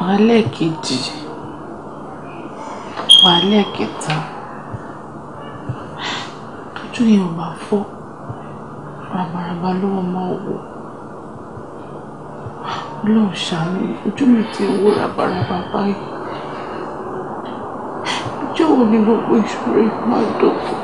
wàhálẹ̀ kejì wàhálẹ̀ kẹta tójú yẹn ò bá fọ́ rabaraba lọ́wọ́ máa wò ọlọ́run ṣàánú ojú mi ti wó rabaraba báyìí ọjọ́ wo ni gbogbo ìṣòro máa dọ̀kọ̀.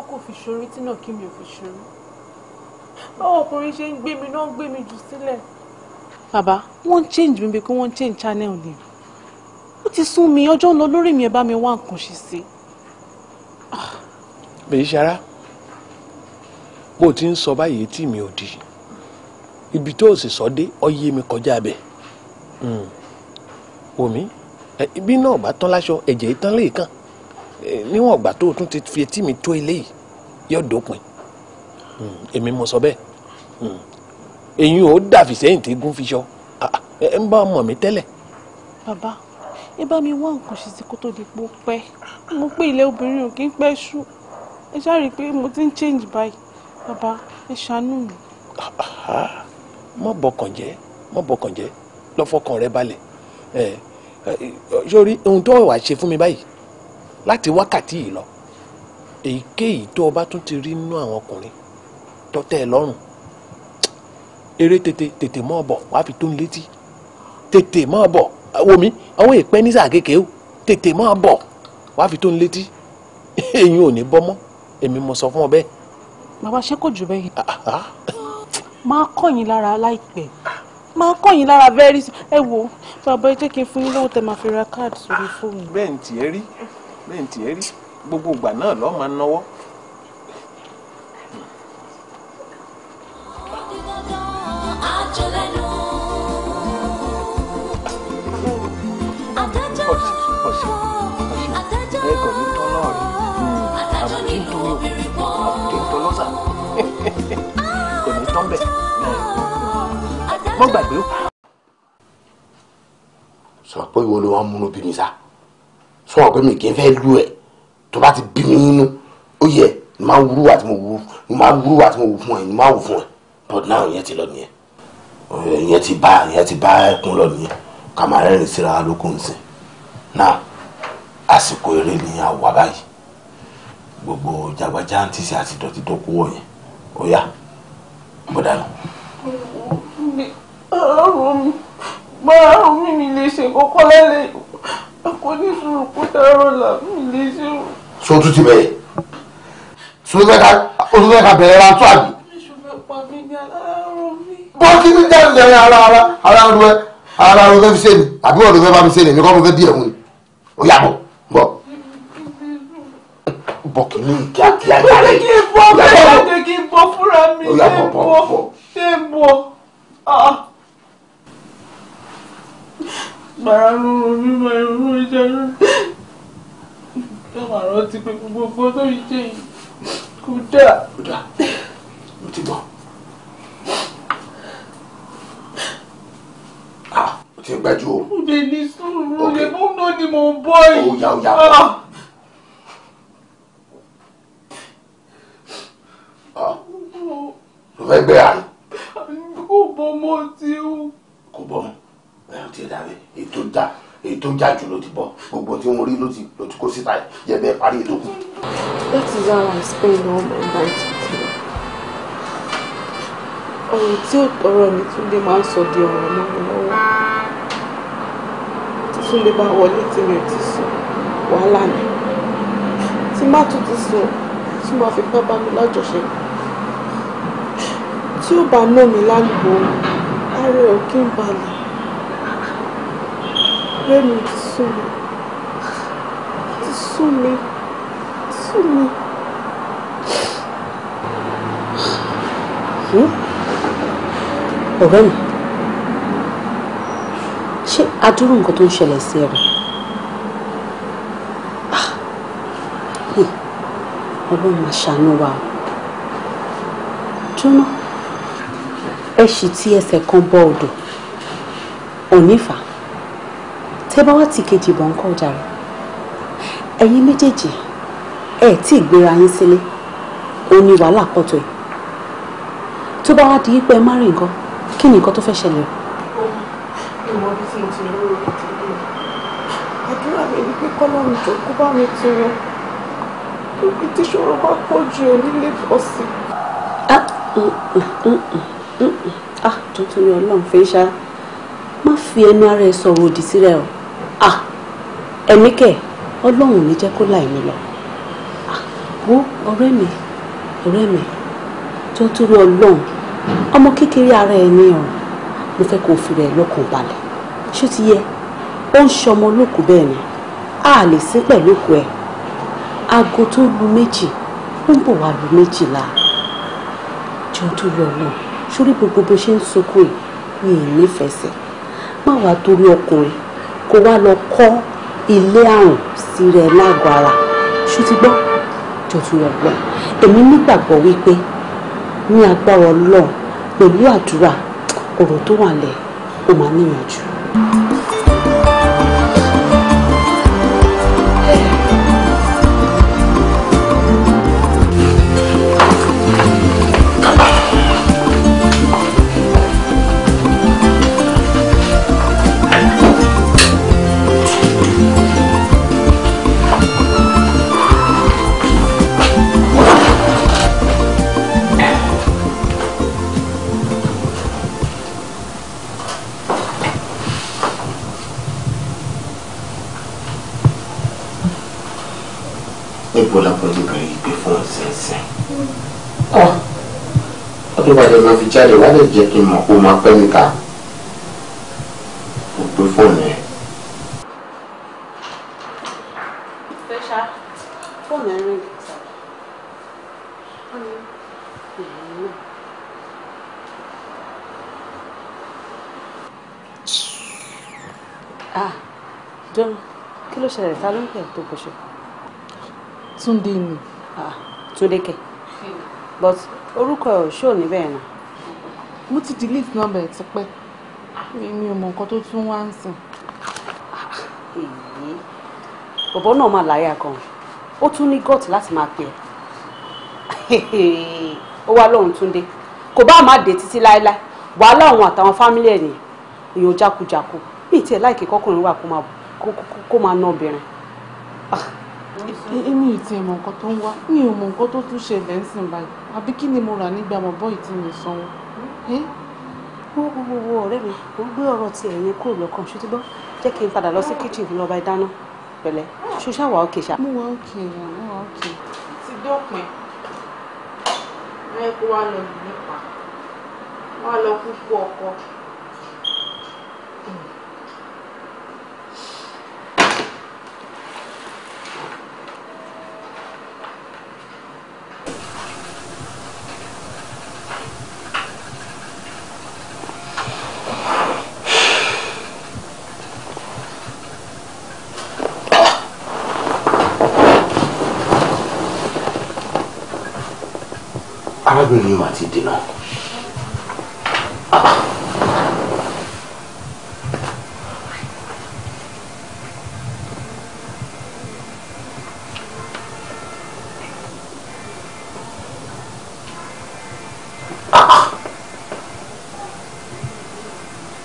olóko fi ṣorí tí náà kí mi ò fi ṣorí báwọn ọkùnrin ṣe ń gbé mi náà ń gbé mi jù sílẹ̀. bàbá wọ́n change mi bí pé change channel ni ó ti sún mi ọjọ́ ń lọ lórí mi ẹ bá mi wá nǹkan ṣe sí i. bèyí ṣara bó o ti ń sọ báyìí tí mi ò di ibi tó o sì sọ dé ọ yé mi kọjá bẹ omi ibi náà bá tán láṣọ ẹ̀jẹ̀ ìtàn lè kàn níwọ̀n ìgbà tó o tún ti fi etí mi tó eléyìí yóò dópin hmm, èmi mo sọ bẹ́ẹ̀ hmm, èyí ò dàbí sẹ́yìn tí gún fi ṣọ ah, ẹ ń bá ọmọ mi tẹ́lẹ̀. bàbá ẹ bá mi wá nǹkan ṣe sí kó tó di pò pẹ́ mo pé ilé obìnrin ò kí ń pẹ́ ṣú ẹ ṣáà rí i pé mo ti ń change báyìí bàbá ẹ ṣàánú mi. má bọkàn jẹ́ má bọkàn jẹ́ lọ rẹ balẹ̀ ẹ sórí ohun tó wàá ṣe fún mi báyìí láti wákàtí yìí lọ èyíkéyìí tó o bá tún ti rí nínú àwọn ọkùnrin tó tẹ́ ẹ lọ́rùn eré tètè tètè mọ́ bọ̀ wàá fi tó ń létí tètè mọ́ bọ̀ wò mí àwọn èèpẹ́ ní sáà kékeré o tètè mọ́ bọ̀ wàá fi tó ń létí èyí ò ní bọ́ mọ́ èmi mo sọ fún ọ bẹ́ẹ̀. bàbá ṣé kò jù bẹ́ẹ̀ yìí. Ah, ah, ah. máa kọ́ yín lára láìpẹ́ máa kọ́ yín lára very ẹ wo bàbá ẹ jẹ́ kí n fún yín lọ́wọ́ tẹ máa fi ra káàdì sórí fóònù. bẹ́ẹ̀ ni tiẹ̀ rí bẹ́ẹ̀ ntì ẹ́ rí gbogbo ìgbà náà lọ́ọ́ máa náwọ́. kò ní tán bẹ́ẹ̀ mọ́ gbàgbé o. sọ pé ìwọ ló wá múnú bí mi sá fún ọ̀pẹ mi kì í fẹ́ lú ẹ̀ tó bá ti bí mi nínú ó yẹ ni máa wúrú wà tí mo wú ni máa wúrú wà tí mo wú fún ẹ ni máa wù fún ẹ but now ìyẹn ti lọ nìyẹn ìyẹn ti bá ìyẹn ti bá ẹkún lọ nìyẹn ká máa rẹ́rìn síra lókun sí náà àsìkò eré ni a wà báyìí gbogbo jagbajantis àti dọ̀tí tó kú wọ̀nyẹn ó yá mo dànù. ọlọ́run mi bá omi mi lè ṣe kókó lálẹ́ yìí kò ní sùúrù kó dárò làmì lè ṣe o. so tún ti bẹ̀rẹ̀ sọ́dọ̀ ká bẹ̀rẹ̀ ra tó àbí. bọ́ kí ní jáde lẹ́yìn ara ara ara ro ẹ ara ro fẹ́ fi ṣe ni àbí wọ́n ló fẹ́ bá mi ṣe ni èmi kọ́ mo fẹ́ bí ẹ̀hún ni ó yà bọ̀ bọ̀ bọ̀ kì í kíákíá jáde. kí n bọ́ bẹ́ẹ̀ kí n bọ́ fúnra mi ṣe ń bọ́ ṣe ń bọ́ bàrà lóru mímọ irú iṣẹ́ rẹ̀ yóò àrọ́ ti pé gbogbo fún tó yìí kò dáa. kò dáa mo ti gbọ́. ah mo ti gbájú o. mo lè ní sùúrù lè mú náà ni mò ń bọ́ yìí. ó yá ó yá bọ́. ló fẹ́ gbé àná. kò bọ́ mo ti o. kò bọ́ mo ẹ̀ ti dà bẹ́ẹ̀ ètò dà ètò jà jù ló ti bọ̀ gbogbo tí wọ́n rí ló ti ló ti kó síta yẹ bẹ́ẹ̀ parí ètò kù. That is how I spend all my nights with you. ọ̀rọ̀ tí ó tọrọ ni Túndé máa ń sọ di ọ̀rọ̀ mọ́ mi lọ́wọ́ tí Túndé bá wọlé tí mi ò ti sùn wàhálà ni tí má tún ti sùn tí mo fi pẹ́ bá mi lájọṣepọ̀ tí ó bá ná mi lálùbọ̀ ààrẹ ò kí ń balẹ̀ ọ̀rẹ́ mi ti sú mi ti sú mi ti sú mi. ọ̀rẹ́ mi ṣé adúrú nǹkan tó ń ṣẹlẹ̀ sí ẹ̀rọ ah. hm. ọlọ́run máa ṣàánú wa jóná ẹ ṣì ti ẹsẹ̀ kan bọ odò òní fàá tẹ́ bá wá tì kejì bọ̀ ń kọ́ ọjà rẹ̀ ẹ̀yin méjèèjì ẹ̀ tí ì gbéra yín sílé òun ni wàhálà pọ̀ tó yìí tó bá wá di pé ẹ má rí nǹkan kí ni nǹkan tó fẹ́ ṣẹlẹ̀ àdúrà mi ni pé kọ́lọ́run tó kó bá mi ti rẹ níbi tí ṣòro bá pọ̀ ju onílé bọ́ sí. Ah, mm, mm, mm, ah tuntun ni ọlọ́run fẹ́ ṣá má fi ẹnu ara ẹ sọ̀rọ̀ òdì sílẹ̀ o ẹ̀mí kẹ̀ ọlọ́run ní jẹ́ kó láì mi lọ wo ọ̀rẹ́ mi ọ̀rẹ́ mi tó torí ọlọ́run ọmọ kékeré ara ẹ ní ọ̀run mo fẹ́ kó fi rẹ̀ lọ́kàn balẹ̀ ṣó ti yẹ ó ń ṣọmọ olókùú bẹ́ẹ̀ ni a lè sí pẹ̀lú òkú ẹ̀ aago tó lu méjì ó ń bọ̀ wá lu méjìlá jọ tó lọ náà sórí gbogbo bó ṣe ń sunkún yìí mi ì má wàá torí ọkùnrin kó wá lọ kọ́ ilé àrùn sí rẹ lágọ̀ ara ṣó ti gbọ́ jọ̀tún ọ̀gbọ́n èmi nígbàgbọ́ wípé ní agbára ọlọ́run pẹ̀lú àdúrà ọ̀rọ̀ tó wà lẹ̀ ó máa níyànjú. tó bá dẹ̀ máa fi jáde wá lè jẹ́ kí n mọ̀ kó máa pẹ́ níta mo gbé fóònù ẹ̀. Ah, John, kí ló ṣẹlẹ̀ ta ló ń pè tó kọ̀ṣọ́? Túndé ni. Ah, Túndé kẹ̀ but orúkọ ẹ̀ ò ṣó níbẹ̀ náà. mo ti delete number ẹ̀ tipẹ́ mi ò mọ nǹkan tó tún wá ń sìn. èyí bọ̀bọ̀ náà máa láyà gan ó tún ní gọ́ọ̀tì láti máa pè ẹ́ ó wá lóhun Túndé kò bá má dé títí láéláé wàhálà òun àtàwọn fámílì ẹ̀ nìyẹn èèyàn jákujàku bí ìtì ẹ̀ láìkè kọkùnrin wà kó máa ná obìnrin. Ah. èmi ò tiẹ̀ mọ nǹkan tó ń wá mi ò mọ nǹkan tó tún ṣẹlẹ̀ ń báyìí àbí kí ni mo rà nígbà mọ̀ bọ́ ìtì mi sanwó wo wo wo ọ̀rẹ́ mi ò ń gbé ọ̀rọ̀ ti ẹ̀yìn kúrò lọ́kàn ṣó ti gbọ́ jẹ́ kí n padà lọ sí kitchen kí n lọ pẹ̀lẹ́ ṣó ṣáà wà ókè ṣá. mo wà ókè mo wà ókè. ti dópin ẹ kó wa lọ nípa wa lọ kúkú ọkọ. arábìnrin yìí máa ti dènà.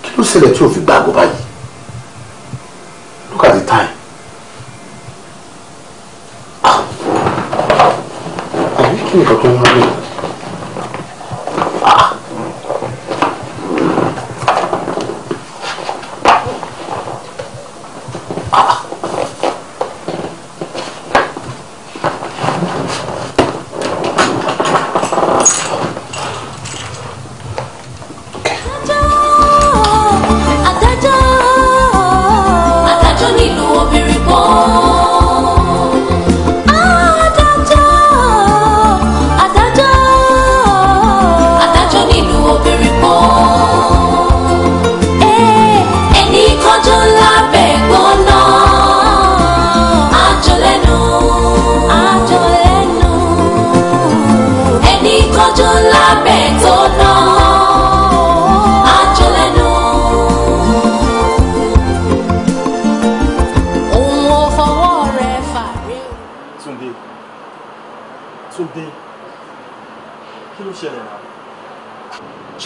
kí ló ṣẹlẹ̀ tí o fi gbà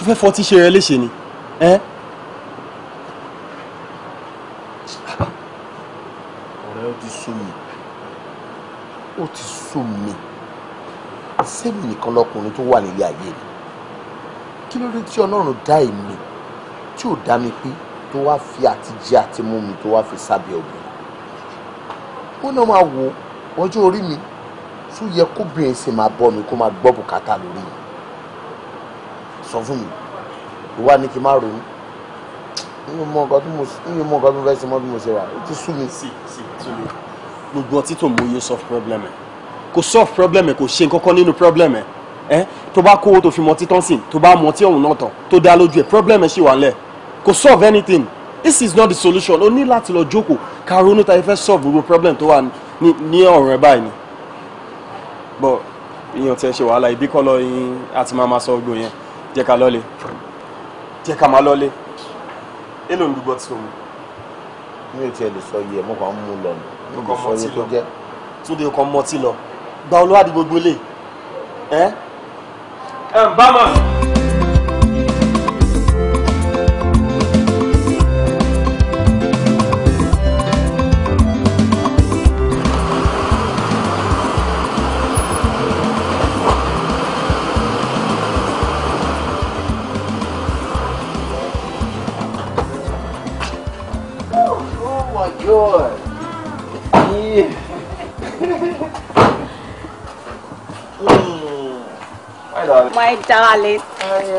fẹ́ fọtí ṣe rẹ léṣe ni ẹ́. ọ̀rẹ́ ó ti sú mi ó ti sú mi sẹ́mi nìkan lọkùnrin tó wà nílé ayé mi kí ló dé tí ọlọ́run dá èmi tí ò dá mi pé tó wá fi àtijẹ àti mú mi tó wá fi sábẹ́ obìnrin wọn náà máa wo ọjọ́ orí mi tó yẹ kóbìnrin sì máa bọ́ mi kó máa gbọ́ bùkátà lórí mi sọ fún mi ìwà ni kí n má ronú mi ò mọ nǹkan tó mo mi ò mọ nǹkan tó fẹ́ ṣe mọ́ bí mo ṣe wà ó ti sú mi. gbogbo ọtí tó mú yóò solve problem ẹ kò solve problem ẹ kò ṣe nǹkan kan nínú problem ẹ ẹ tó bá kówó tó fi mọtí tán sìn tó bá mọtí ọ̀hún náà tán tó dá lójú ẹ problem ẹ ṣì wà nílẹ̀ kò solve anything this is not the solution o ní láti lọ jókòó ká ronú ta ẹ fẹ́ solve gbogbo problem tó wà ní ní ọ̀rọ̀ ẹ báyìí ni but ìyàn tí ẹ ṣe wàhálà ibi kọ́ lọ yín àti máa máa sọ gbogbo yẹn jẹ́ ká lọ́lé jẹ́ ká máa lọ́lé èlò ń dúgbọ́ tí o mú. mi ò tiẹ̀ lè sọ iye mo kàn ń mú lọ mi ò lè sọ iye tó jẹ́. túnde kan mọtí lọ gba olúwa di gbogbo lè. ẹ ẹ ń bá mọ̀. Вот. И... My darling,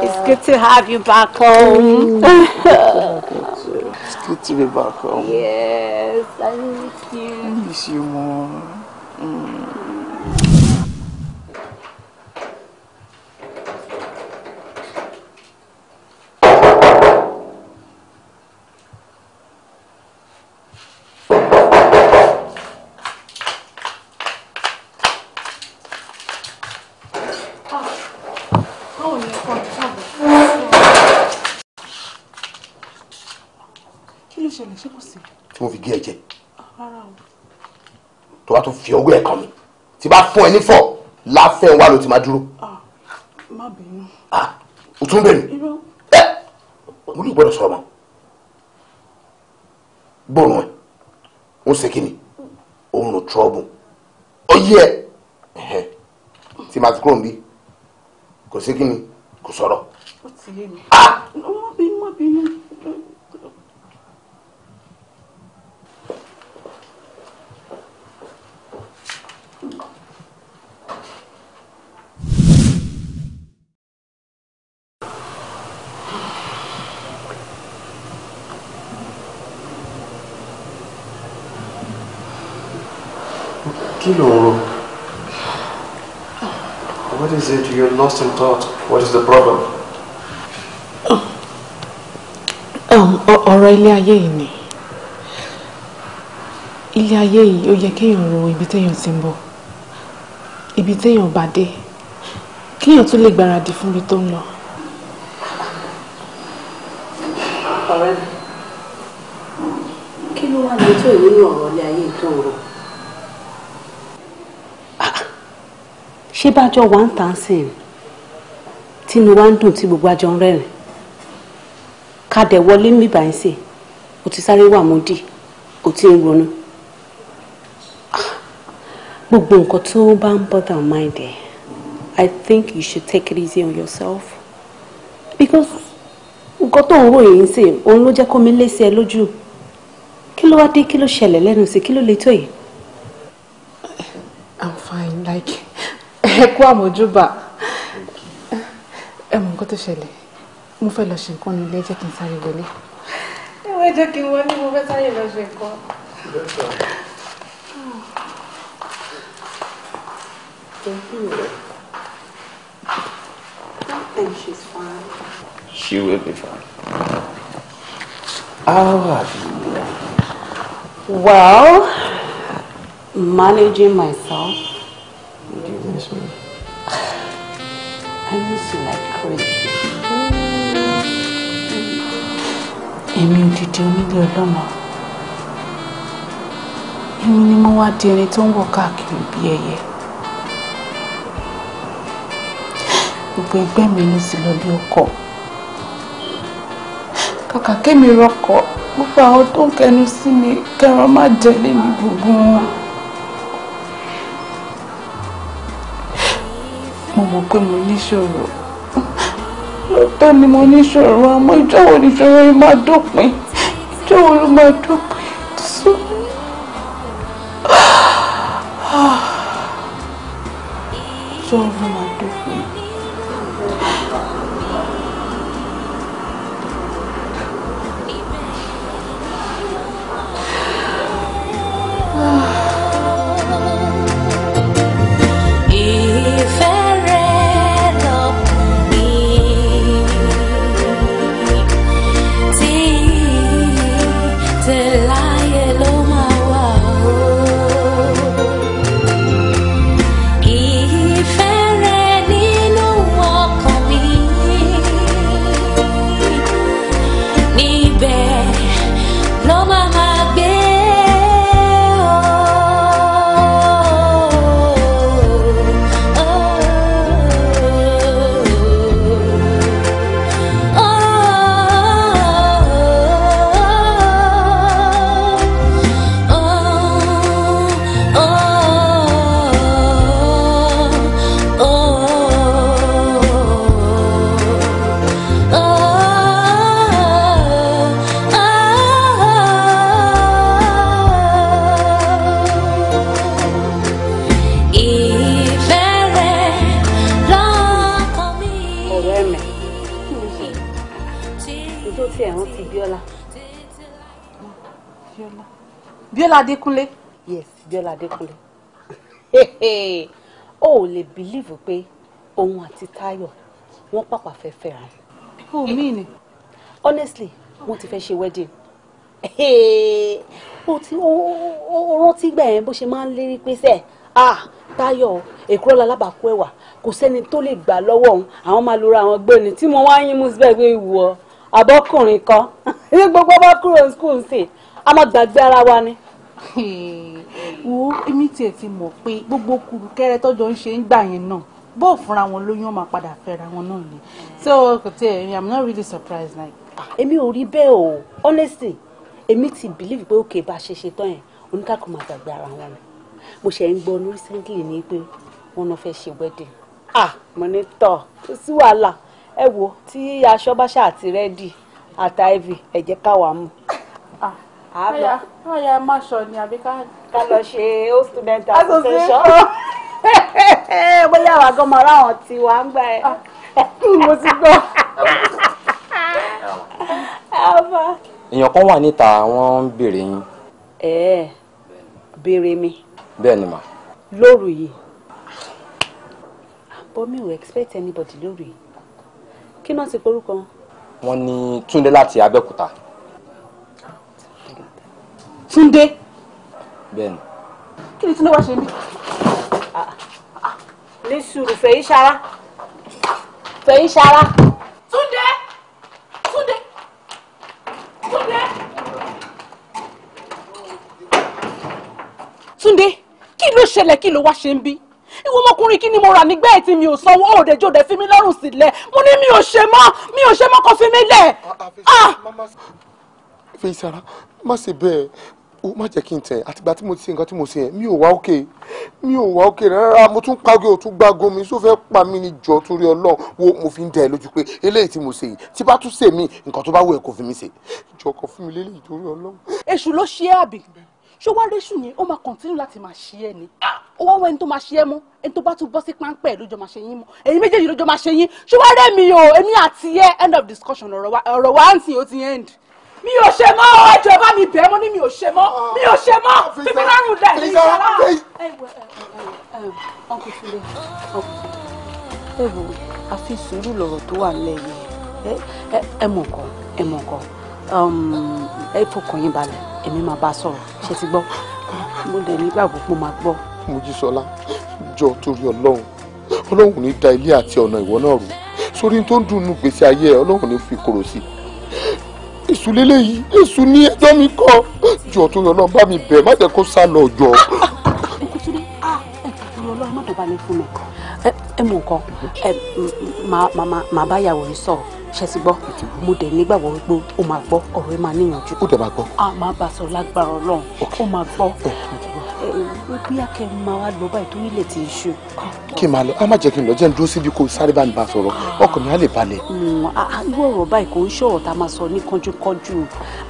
it's good to have you back home. Mm. it's good to be back home. Yes, I miss you. I miss you more. Mm. tí mo fi gé ẹ jẹ tó bá tún fi ọwọ́ ẹ̀ kàn mí tí bá fún ẹ ní fọ̀ láfẹ́ wa ló ti máa dúró. Ah, ah, o tún bẹ̀ mí ẹ eh, mo ní gbọ́dọ̀ sọ̀rọ̀ mọ́ bọ́ọ̀lù ẹ̀ ń ṣe kí ni òun ò trọ́bù ó yí ẹ tí màá ti kúrò ń bí kò sí kí ni kò sọ̀rọ̀. kí ló what is it You're lost in thought what is the problem. Um, ọ̀rọ̀ ilé ayé yìí ni ilé ayé yìí ó yẹ kéèyàn ro ibi téèyàn ti ń bọ̀ ibi téèyàn bá dé kéèyàn tún lè gbáradì fún ibi tó ń lọ. ọ̀rẹ́ mi kí ló wà ní tó ìwé ọ̀rọ̀ ilé ayé tó ń rò. ṣé bájọ wà ń tà ń sìn tínú wa ń dùn tí gbogbo àjọ ń rẹ́rìn ká dẹ̀ wọlé mi báyìí sè ó ti sáré wà mọ́dì ó ti ń ronú gbogbo nǹkan tó bá ń bother mind ẹ̀ I think you should take it easy on yourself because nǹkan tó ń ròyìn sè òun ló jẹ́ kó mi lé sí ẹ lójú kí ló wá dé kí ló ṣẹlẹ̀ lẹ́nu sí kí ló lè tó yìí. I'm fine like ẹ kú àmójúbà ẹ mọ nǹkan tó ṣẹlẹ̀ mo fẹ́ lọ ṣe nǹkan ní ilé kí n sáré wọlé. ẹ jẹ́ kí n wọlé mo fẹ́ sáré lọ ṣe nǹkan. She will be fine. How have you been? Well, managing myself miss me? I miss you like crazy. Èmi òdìdí onílé ọlọ́mọ. Èmi ni mo wá di ẹni tó ń wọ̀ káàkiri bí ẹyẹ. Gbogbo ẹgbẹ́ mi ló sì lọ lé ọkọ. Kàkà kémi rọkọ̀, gbogbo àwọn tó ń kẹnu sí mi kẹran má jẹ lé mi gbogbo wọn. mọ̀ pé mo níṣòro lóòótọ́ ni mo níṣòro àmọ́ ìjọ́wọ́ níṣòro yìí máa dópin ìjọ́wọ́ ló máa dópin sọ. Ah. sọ̀rọ̀ máa Abíọ́lá Adékúnlé o ò lè bìlíìfù pé òun àti Táyọ̀ wọ́n pàpà fẹ́ fẹ́ra rẹ̀. o mi ni. honestly wọ́n ti fẹ́ ṣe wedding o ti o rántí gbà yẹn bó ṣe máa ń lérí pé sẹ́ẹ̀ ah Táyọ̀ èkúrọ́ lalábàákú ẹ̀wà kò sẹ́ni tó lè gbà lọ́wọ́ òun àwọn máa lora àwọn gbóni tí mo wá yín mú síbẹ̀ pé ìwọ abọ́kùnrin kan ní gbogbo bá kúrò ní school sí i a máa gbàgbé ara wa ni wo èmi tiẹ̀ ti pé gbogbo kùrùkẹrẹ tọ́jọ́ ń ṣe ń gbà yẹn náà bó fúnra wọn lóyún ọmọ padà fẹ́ra wọn náà ni so kò tiẹ̀ i'm not really surprised like. Ah. èmi ò rí bẹ́ẹ̀ o honestly èmi ti believe pé òkè bá ṣe ṣe tán yẹn oníkàkọ́ máa gbàgbé ara wọn ni mo ṣe ń gbọ́ ní recently ni pé wọ́n náà fẹ́ ṣe wedding ah mo ní tọ̀ kò sí wàhálà ẹ wo tí aṣọ bá ṣáà ti rẹ́dì àtàìvì ẹ̀jẹ̀ káwa mú àbá àyà má sọ ni àbí ká lọ ṣe old student association bóyá àwa gan mọ ara àwọn tí wàá ń gbà ẹ. Ah, mo ti gbọ́. èèyàn kan wà níta wọ́n ń béèrè yín. ẹ ẹ béèrè mi. bẹ́ẹ̀ ni mà. lóru yìí bọ́ mi ò expect anybody lóru yìí kí náà ti porúkọ. wọ́n ní Túndé láti Abẹ́òkúta. Túndé. bẹ́ẹ̀ni. kí ni Túndé wá ṣe mí. Ah, ah, ní sùúrù fẹ̀yìn ṣara fẹ̀yìn ṣara. Túndé Túndé Túndé. Túndé kí ló ṣẹlẹ̀ kí ló wá ṣe ń bí ìwọ ọmọkùnrin kí ni mo rà nígbà ẹ̀ tí mi ò sanwó òdejò dẹ̀ fi mí lọ́rùn sílẹ̀ mo ní mi ò ṣe mọ́ mi ò ṣe mọ́ kó fi mí lẹ̀. Ah, fèsì ara má ṣe bẹ́ẹ̀ ó má jẹ́ kí n tẹ̀ àtìgbà tí mo ti ṣe nǹkan tí mo ṣe yẹn mi o wá òkè mi o wá òkè rárá mo tún pàgé o tún gbágo mi tó fẹ́ pa mí ní jọ torí ọlọ́run wo mo fi ń dẹ lójú pé eléyìí tí mo ṣe yìí tí bá tún ṣe mí nǹkan tó bá wù ẹ́ kò fi mí ṣe jọkọ fún mi lélẹ́yìí torí ọlọ́run. èṣù ló ṣe é àbí ṣó wá réṣù yẹn ó máa kọ̀ntínú láti máa ṣe é ni ó wá wọ ẹni tó máa ṣe é mọ́ ẹni tó bá tún bọ́ sí páńpẹ́ lójó máa ṣe yín mọ́ èyí méjèèjì lójó máa ṣe yín ṣó wá rẹ́ mi o èmi àti ẹ end of discussion ọ̀rọ̀ wa ń sìn ó ti end mi ò ṣe mọ́ ọjọ́ bá mi bẹ̀ mo ní mi ò ṣe mọ́ ah. mi ò ṣe mọ́ fífi lọ́rùn lẹ̀ ní ìṣọ́lá. ọkùnrin fúnlẹ̀ ọkùnrin ẹ wo àfi sùúrù lọ̀rọ̀ tó wà lẹ́yìn ẹ mọ̀ nǹkan ẹ mọ̀ nǹkan um, ẹ fọkàn yín balẹ̀ èmi máa bá a sọ̀rọ̀ ṣe ti gbọ́ mo lè nígbàgbọ́ pé mo máa gbọ́. Mojísọ́lá jọ torí Ọlọ́run Ọlọ́run ní da ilé àti ọ̀nà ìwọ náà rú sórí tó ń dùnnú gbèsè ayé ẹ Ọlọ́run ní fi kòrò sí i èṣù lélẹ́yìí èṣù ní ẹjọ́ mi kọ́ jọ tó yọ náà bá mi bẹ̀ má jẹ́ kó sá lọ jọ. ẹ mú nǹkan ẹ màá bá yàwó yìí sọ̀rọ̀ ṣe ti gbọ́ mo dẹ̀ nígbàgbọ́ wípé o máa gbọ́ ọ̀rọ̀ ẹ máa níyànjú. ó dẹ̀ máa gbọ́. a máa bá a sọ lágbára ọlọ́run ó máa gbọ́ bóyá kẹ máa wá lọ báyìí torí ilẹ̀ ti ṣú. kí n máa lọ a má jẹ́ kí n lọ jẹ́ n dúró síbi kó sáré bá mi bá sọ̀rọ̀ ah. ọkàn mi á lè balẹ̀. irú ọ̀rọ̀ báyìí kò ń ṣọ̀rọ̀ tá a máa sọ ní kánjúkánjú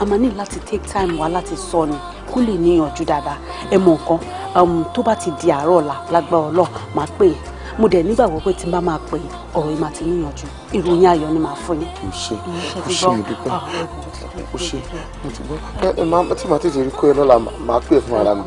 a máa ní láti take time wá láti sọ ni kó lè níyànjú dáadáa ẹ mọ nǹkan um, tó bá ti di àárọ̀ ọ̀la lágbára ọlọ́ọ̀ máa pè é mo dẹ̀ nígbàgbọ́ pé tí n bá máa pè ọ̀rọ̀ yìí máa ti níyànjú ìròyìn ayọ̀ ni màá fún yín. o ṣe o ṣe mi dúpẹ́ ah, tí màá tètè rí kó ẹ lọ́la màá pè fún ara mi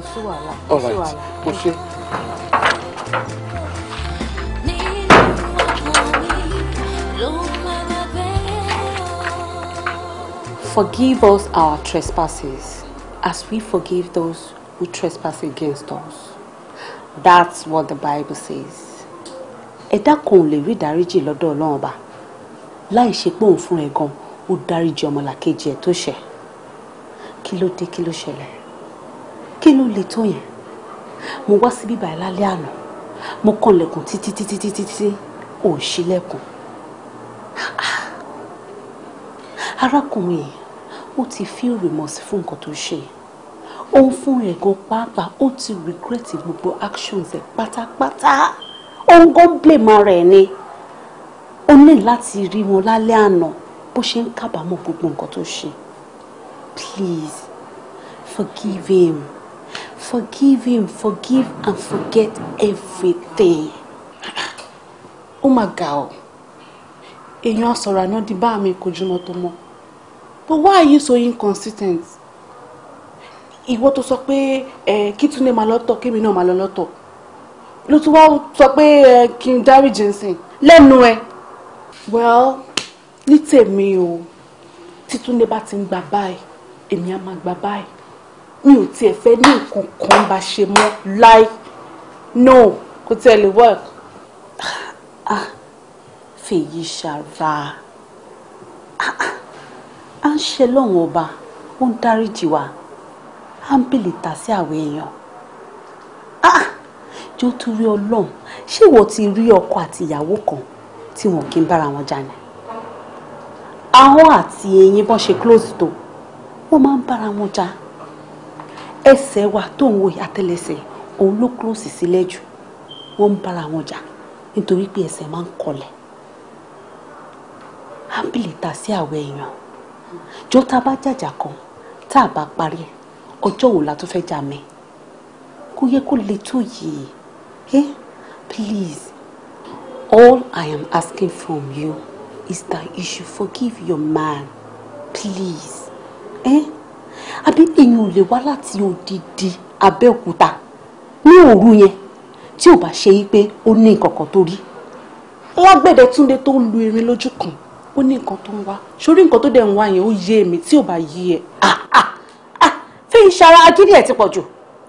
Forgive us our trespasses as we forgive those who trespass against us. That's what the Bible says ẹ̀dá kan ò lè rí ìdáríjì lọ́dọ̀ ọlọ́run ọba láì ṣe pé òun fún ẹ gan ó dáríjì ọmọlàkejì ẹ tó ṣẹ̀ kí ló dé kí ló ṣẹlẹ̀ kí ló le tó yẹn mo wá sí bíbá ẹ lálẹ́ àná mo kànlẹ̀kùn títí títí títí tí ò ṣílẹ̀kùn ah! arákùnrin yìí ó ti feel remorse fún nǹkan tó ṣe òun fún ẹ gan pàápàá ó ti regret gbogbo actions ẹ pátápátá òun gan blame ara ẹ̀ ni ó ní láti rí wọn lálẹ́ àná bó ṣe ń kábàámọ̀ gbogbo nǹkan tó ṣe please forgive him forgive him forgive and forget everything ó mà ga ọ èèyàn asọ̀rọ̀ àná di bá mi kò jùmọ̀ tó mọ́ but why are you so inconsistent ìwọ tó sọ pé ẹ eh, kí Túndé máa lọ́tọ̀ kémi náà máa lọ lọ́tọ̀ ló tún wá sọ pé ẹ kí n dáríjì nsìn lẹ́nu ẹ well ní tèmi o títúndé bá ti ń gbà báyìí èmi á máa gbà báyìí mi ò tiẹ̀ fẹ́ ní nǹkan kan bá ṣe mọ́ láì no kò tiẹ̀ lè work ah, ah fèyí ṣàrà ah, ah, à ń ṣe lọ́wọ́n ọba ó ń dáríjì wa à ń bèlè tà sí àwọn èèyàn ah jọ torí Ọlọ́run ṣé ìwọ ti rí ọkọ àti ìyàwó kan tí wọn kì í bára wọn jà ni ahọ́n àti eyín bọ́n ṣe close tó wọ́n máa ń bára wọn jà ẹsẹ̀ wa tó ń wo àtẹlẹsẹ̀ òun ló close sílẹ̀ jù wọ́n ń bára wọn jà nítorí pé ẹsẹ̀ máa ń kọlẹ̀ ábìlìtà sí àwọ̀ èèyàn jọ́ta bá jàjà kan tá a bá parí ọjọ́ wo la tó fẹ́ jà mẹ́ẹ̀ kò yẹ kó le tó yìí eh please all I am asking from you is that you should forgive your man please eh àbí èèyàn ò lè wá láti odidi Abẹ́òkúta ní òru yẹn tí ò bá ṣe yí pé ó ní nǹkan kan tó rí lágbẹ̀dẹ Túndé tó ń lu irin lójú kan ó ní nǹkan tó ń wá sórí nǹkan tó dẹ̀ ń wá yẹn ó yé èmi tí ò bá yí ẹ ah, ah, ah, fi ìṣara agídí ẹ̀ ti pọ̀ jù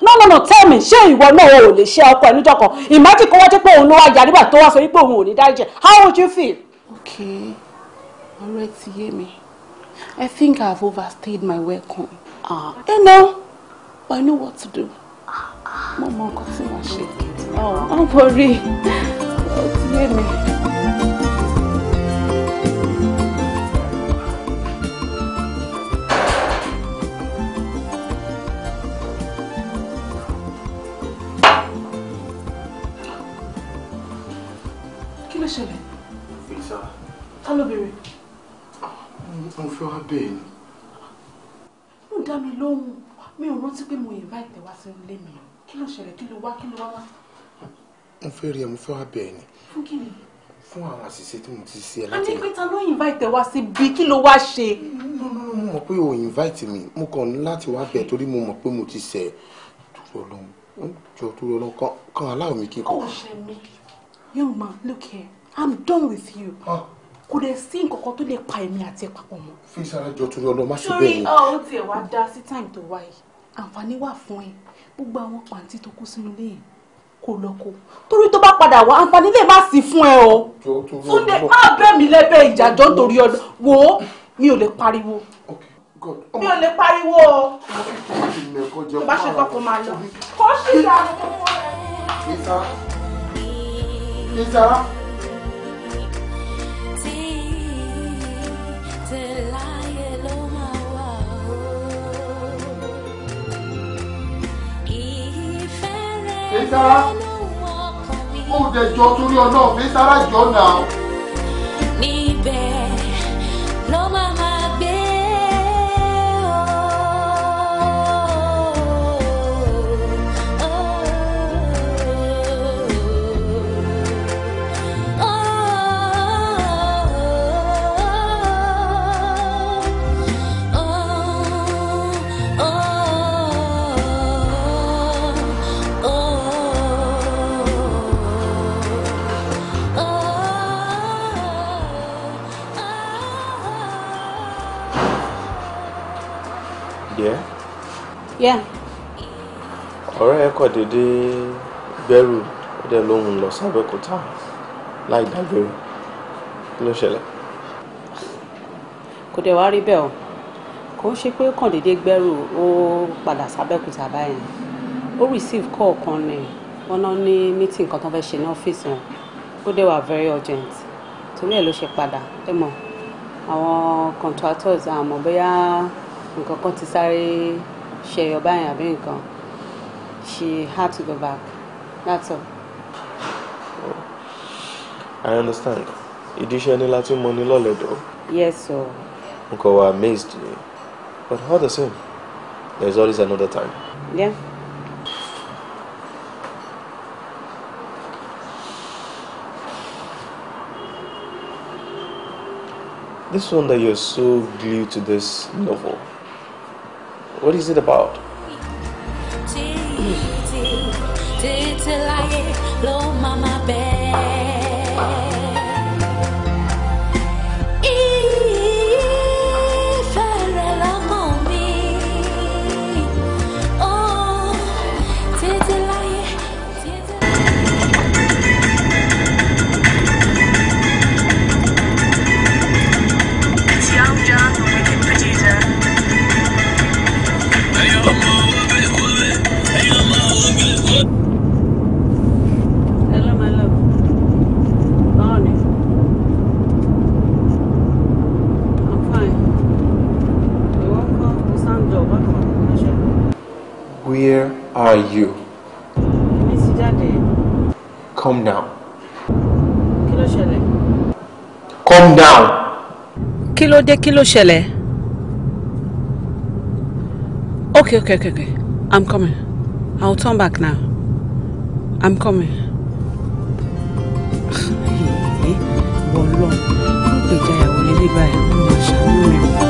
no no no tell me ṣé ìwọ náà ò lè ṣe ọkọ ẹ níjọ́ kan ìmájì kó wọ́n jẹ́ pé òun ló wá yà nígbà tó wá sọ wípé òun ò ní dáríjì how would you feel. okay ọ̀rọ̀ ẹ ti yé mi i think i have overstayed my welcome. ah uh, you know i know what to do mo mọ nǹkan tí màá ṣe. ọ̀ ọ̀ wọrí ọ̀rọ̀ ti yé mi. ṣẹlẹ̀? Fisa. Ta ló bèrè? Mo fẹ́ wá bẹ́ẹ̀ ni. Mo dá mi lóhùn. Mi ò rántí pé mo invite wá sí ilé mi. Kí ló ṣẹlẹ̀? Kí ló wá? Kí ló wá wá? Mo fẹ́ rí ẹ, mo fẹ́ wá bẹ́ẹ̀ ni. Fún kí ni? Fún àwọn àṣìṣe tí mo ti ṣe láti. A ní pé ta ló invite wá sí bí? Kí ló wá ṣe? Mo mọ̀ pé o invite mi. Mo kàn ní láti wá bẹ̀ torí mo mọ̀ pé mo ti ṣẹ̀ tó lọ́hùn. Jọ tó lọ́hùn kan aláwọ̀ mi kí n kọ́. Ó mi. Young man, look here i'm done with you. Ah. kò lè sí nǹkan kan tó lè pa èmi àti ẹ papọ̀ mọ́. fi sára jọ torí ọlọ́mọ sí bẹ́ẹ̀ ni. sórí ah, ọ̀hún tiẹ̀ wá dá sí time tó wáyé àǹfààní wà fún ẹ gbogbo àwọn pàǹtí tó kú sínú ilé yìí kò lọ́kọ torí tó bá padà wá àǹfààní lè má sí fún ẹ o Túndé má bẹ̀ mí lẹ́bẹ̀ ìjàjọ́ torí ọdọ wò ó mi ò lè pariwo mi ò lè pariwo o tó bá ṣe tọkọ máa lọ kó ṣì dàrú. Sara. Ó dẹ̀ jọ torí ọ̀nà mi Sara jọ náà. ọ̀rẹ́ ẹ̀ kọ̀ déédé gbẹ́rù ó dẹ̀ lóhùn lọ sábẹ́kúta láì dágbére kí ló ṣẹlẹ̀. kò dẹ̀ wá rí bẹ́ẹ̀ o kò ń ṣe pé kàn déédé gbẹ́rù ó padà sábẹ́kúta báyìí ó receive call kan ni wọ́n náà ní meeting kan tó fẹ́ ṣe ní ọ́fíìsì wọn ó dẹ̀ wà very urgent torí ẹ̀ ló ṣe padà ẹ mọ̀ àwọn contractors àmọ́ bóyá nǹkan kan ti sáré ṣẹyọ báyìí àbí nǹkan she had to go back. That's all. I understand. Idisha ni láti mọ money lọ́lẹ̀dọ̀. Yes, sir. Nko wa amazed But all the same, there's always another time. Yeah. This one that you're so glued to this novel, what is it about? detail ló dé kí ló ṣẹlẹ̀ okay okay okay okay i'm coming i'll turn back now i'm coming. wọ́n lọ ló gbèjà ìyàwó lélẹ́ báyìí ló máa ṣàánú rẹ̀.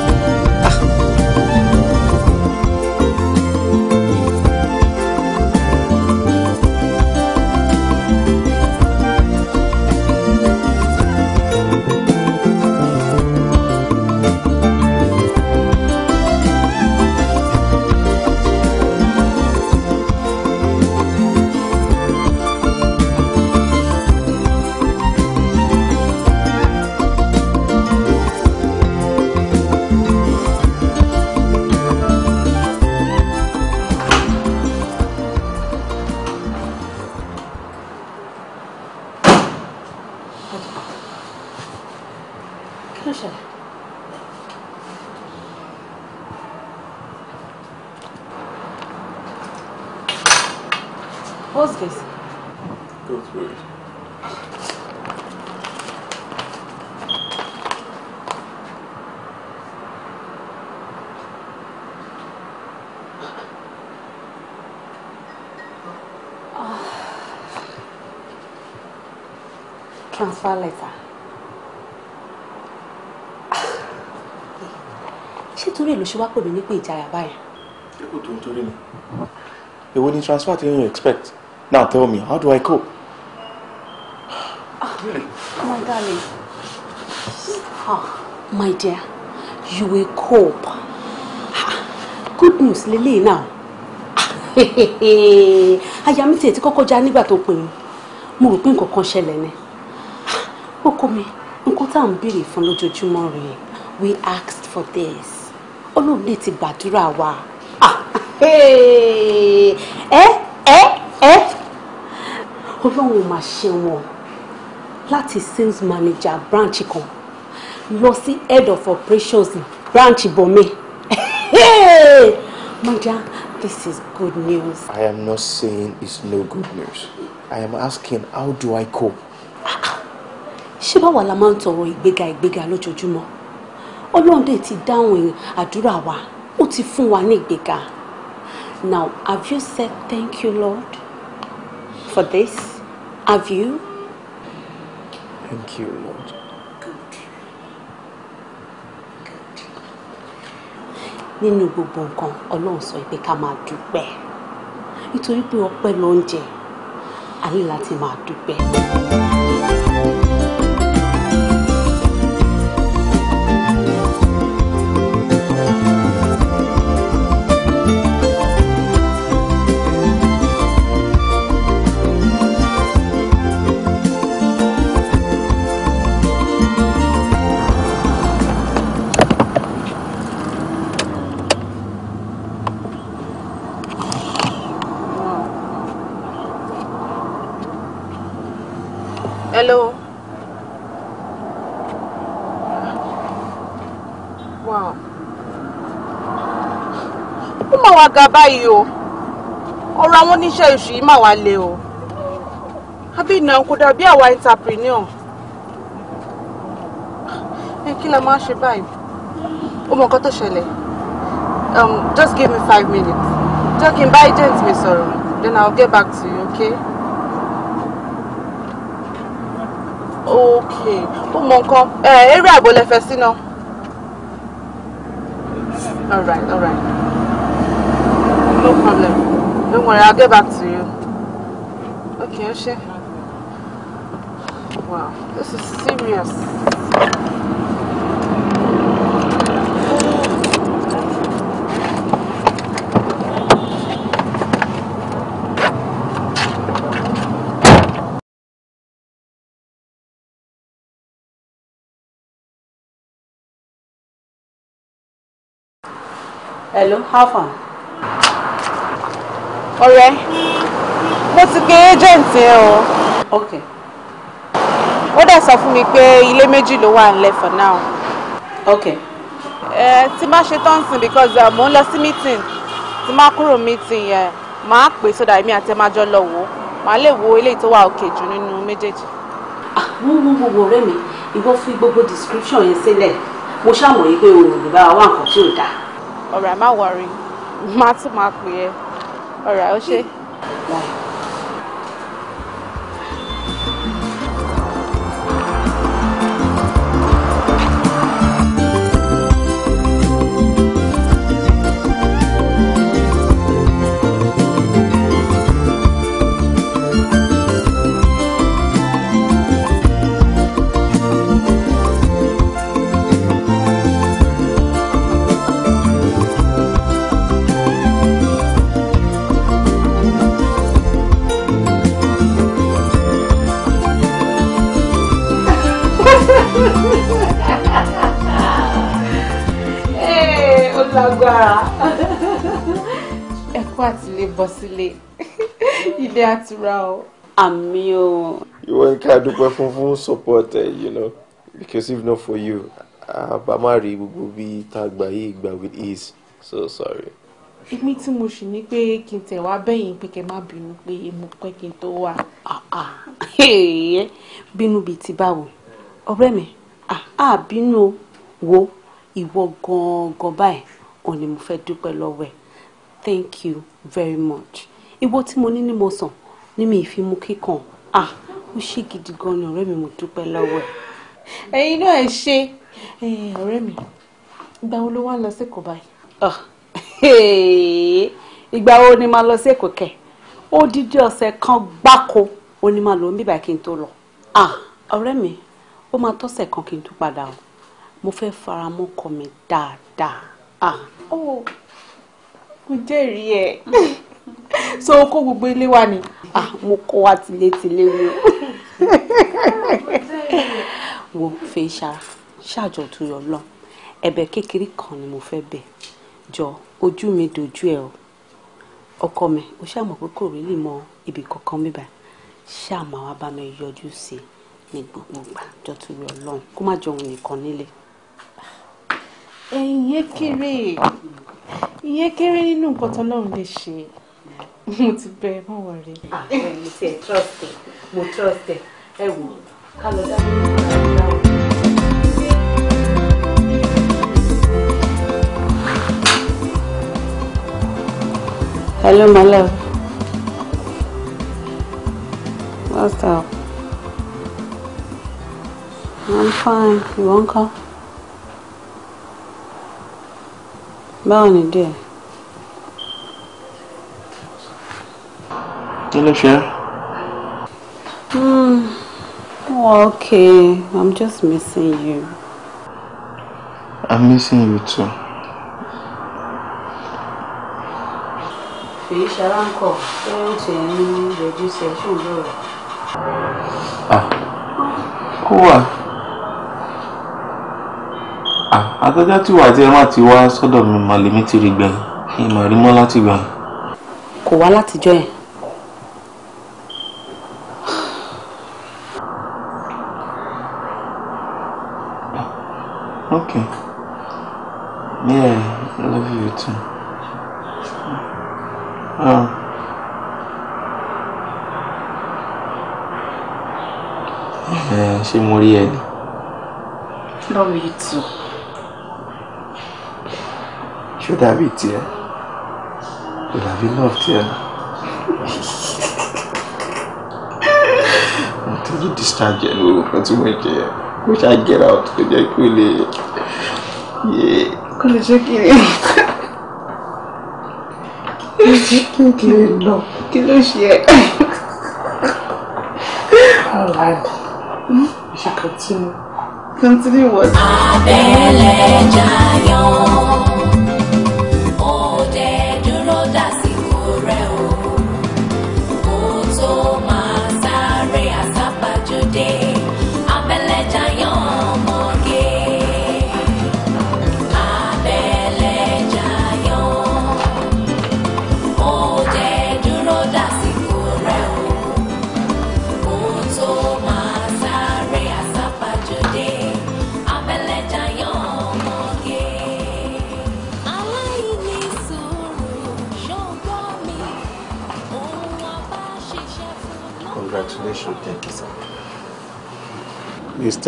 What's this? Go through it. transfer letter. ṣé torí èlò ṣe wá pè mí ní pé ìjayà báyìí. ṣé kò tó ń torí ni èwo ni transfer tí you expect now tell me how do I cope. Ah, my darling ah, my dear you will cope good news Lily. Now. Hey hey hey! I am já nígbà tó pè mí mo rò pé nǹkan kan ṣẹlẹ̀ ni ọkọ mi nǹkan tá à ń béèrè fún we asked for this ọlọ́run lè ti gbàdúrà wa ẹ ẹ ẹ ọlọ́run máa ṣe wọn láti sales manager branch kan lọ sí head of operations branch bọ̀mí. Maja, this is good news. I am not saying it's no good news. I am asking how do I cope? Ṣé báwa la máa ń tọrọ ìgbéga ìgbéga lójoojúmọ́? Ọlọ́run dẹ̀ ti dáhùn àdúrà wa, ó ti fún wa ní ìgbéga. Now, have you said thank you, Lord, for this? Have you? Thank you, Lord. Good. Good. Nínú gbogbo nǹkan, Ọlọ́run sọ pé ká máa dúpẹ́. Nítorí pé ọpẹ́ ló ń láti máa dúpẹ́. ga báyìí o ọ̀rọ̀ àwọn oníṣẹ́ èṣù yìí mà wá le o àbí ìnà kò dàbí àwa entrepreneur ẹ kí la máa ṣe báyìí ó mọ nǹkan tó ṣẹlẹ̀ um, just give me five minutes jẹ́ kí n bá agent mi sọ̀rọ̀ then I'll get back to you okay. okay ó mọ nǹkan eré àbò lẹ fẹ́ sí náà. all right all right no problem. Don't worry, I'll get back to you. Okay, Oshe. Wow, this is serious. Hello, how far? ọ̀rẹ́ mo ti pe agent yẹn o. ok. ó dẹ̀ sọ fún mi pé ilé méjì ló wà nílẹ̀ for now. ok. ẹ tí má ṣe tán sìn because uh, mo ń lọ sí meeting tí má kúrò meeting yẹn màá pè sódà èmi àti ẹ máa jọ lọ wò ó màá lè wo eléyìí tó wà òkè jù nínú méjèèjì. àwọn ohun gbogbo ọ̀rẹ́ mi ìwọ fi gbogbo description yẹn sílẹ̀ mo ṣàmọ̀ yìí pé òun ò lè bá wa wá nǹkan tí ò dáa. ọ̀rẹ́ má wọrí màá tún máa pè é. 好，来，老师，来。lágbára. ẹkún àtìlé bọ́ sílé ilé àtúrà o àmì o. ìwọ ní ká dúpẹ́ fún fún support ẹ you know because if not for you àbá má rí gbogbo bí tá a gbà yìí gbà with ease so sorry. èmi tí mo sì ní pé kí n tẹ̀ wá bẹ́yìn pé kẹ́ má bínú pé mo pẹ́ kí n tó wà ah, ah. bínú bíi ti báwo ọ̀rẹ́ mi àbínú ah, wo ìwọ gangan báyìí òun ni mo fẹ́ dúpẹ́ lọ́wọ́ ẹ̀ thank you very much ìwọ tí mo ní ní mo sàn ní mi ìfi mu kíkan ah ó ṣe gidi gan ni ọ̀rẹ́ mi mo dúpẹ́ lọ́wọ́ ẹ̀ ẹ̀yin náà ẹ̀ ṣe ọ̀rẹ́ mi ìgbà wo ló wá lọ sí èkó báyìí ah, ìgbà wo ni màá lọ sí kẹ ó dídí kan gbáko ó ní màá lọ bíbà kí n tó lọ ah, ọ̀rẹ́ mi ó máa tọ́sẹ̀ kan kí n tó padà o mo fẹ́ faramọ́ kọ mi dáadáa ah oh mo jẹ́rìí ẹ̀ so kó gbogbo ilé wa ni ah mo kó wa tilétilé mi o wo fẹ́ ṣàjọ tó yọ lọ ẹ̀bẹ̀ kékeré kan ni mo fẹ́ bẹ̀ jọ ojú mi dojú ẹ o ọkọ mi o ṣàmọ̀ pé kò rí lè mọ ibì kankan mi báyìí ṣàmọ̀ wá bá mi yọjú sí i ní gbogbo ìgbà jọ tó yọ lọ́hùn kó má jọ òun nìkan nílé ìyẹn kéré ìyẹn kéré nínú nǹkan tọ́lọ́run lè ṣe mo ti bẹ ah, ẹ má wọrí. mo ti ẹ trust ẹ Hello, my love. What's up? I'm fine. You won't come? báwo dear. díẹ̀. kí ló hmm, okay i'm just missing you. i'm missing you too. fèyí ṣara ń kọ pé ó ti ń ah kó wà. Cool àtọ́jọ́ tí wà á ti ẹ má ti wá sọ́dọ̀ mi màlẹ́mí ti rí gbẹ̀yìn ìmọ̀ rí láti gbẹ̀yìn. kò wá látijọ́ yẹn dàbí tiẹ̀ kò dàbí love tiẹ̀ náà mo tẹ́lú discharge ní orúkọ too much jẹ kó ṣáà get out kó jẹ́ kí Yeah. lè yé kó lè jẹ́ kí lè kó lè jẹ́ kí o lè lọ kí ló ṣe should hmm? continue. Continue what? Abẹ́lẹ̀ Jayọ̀.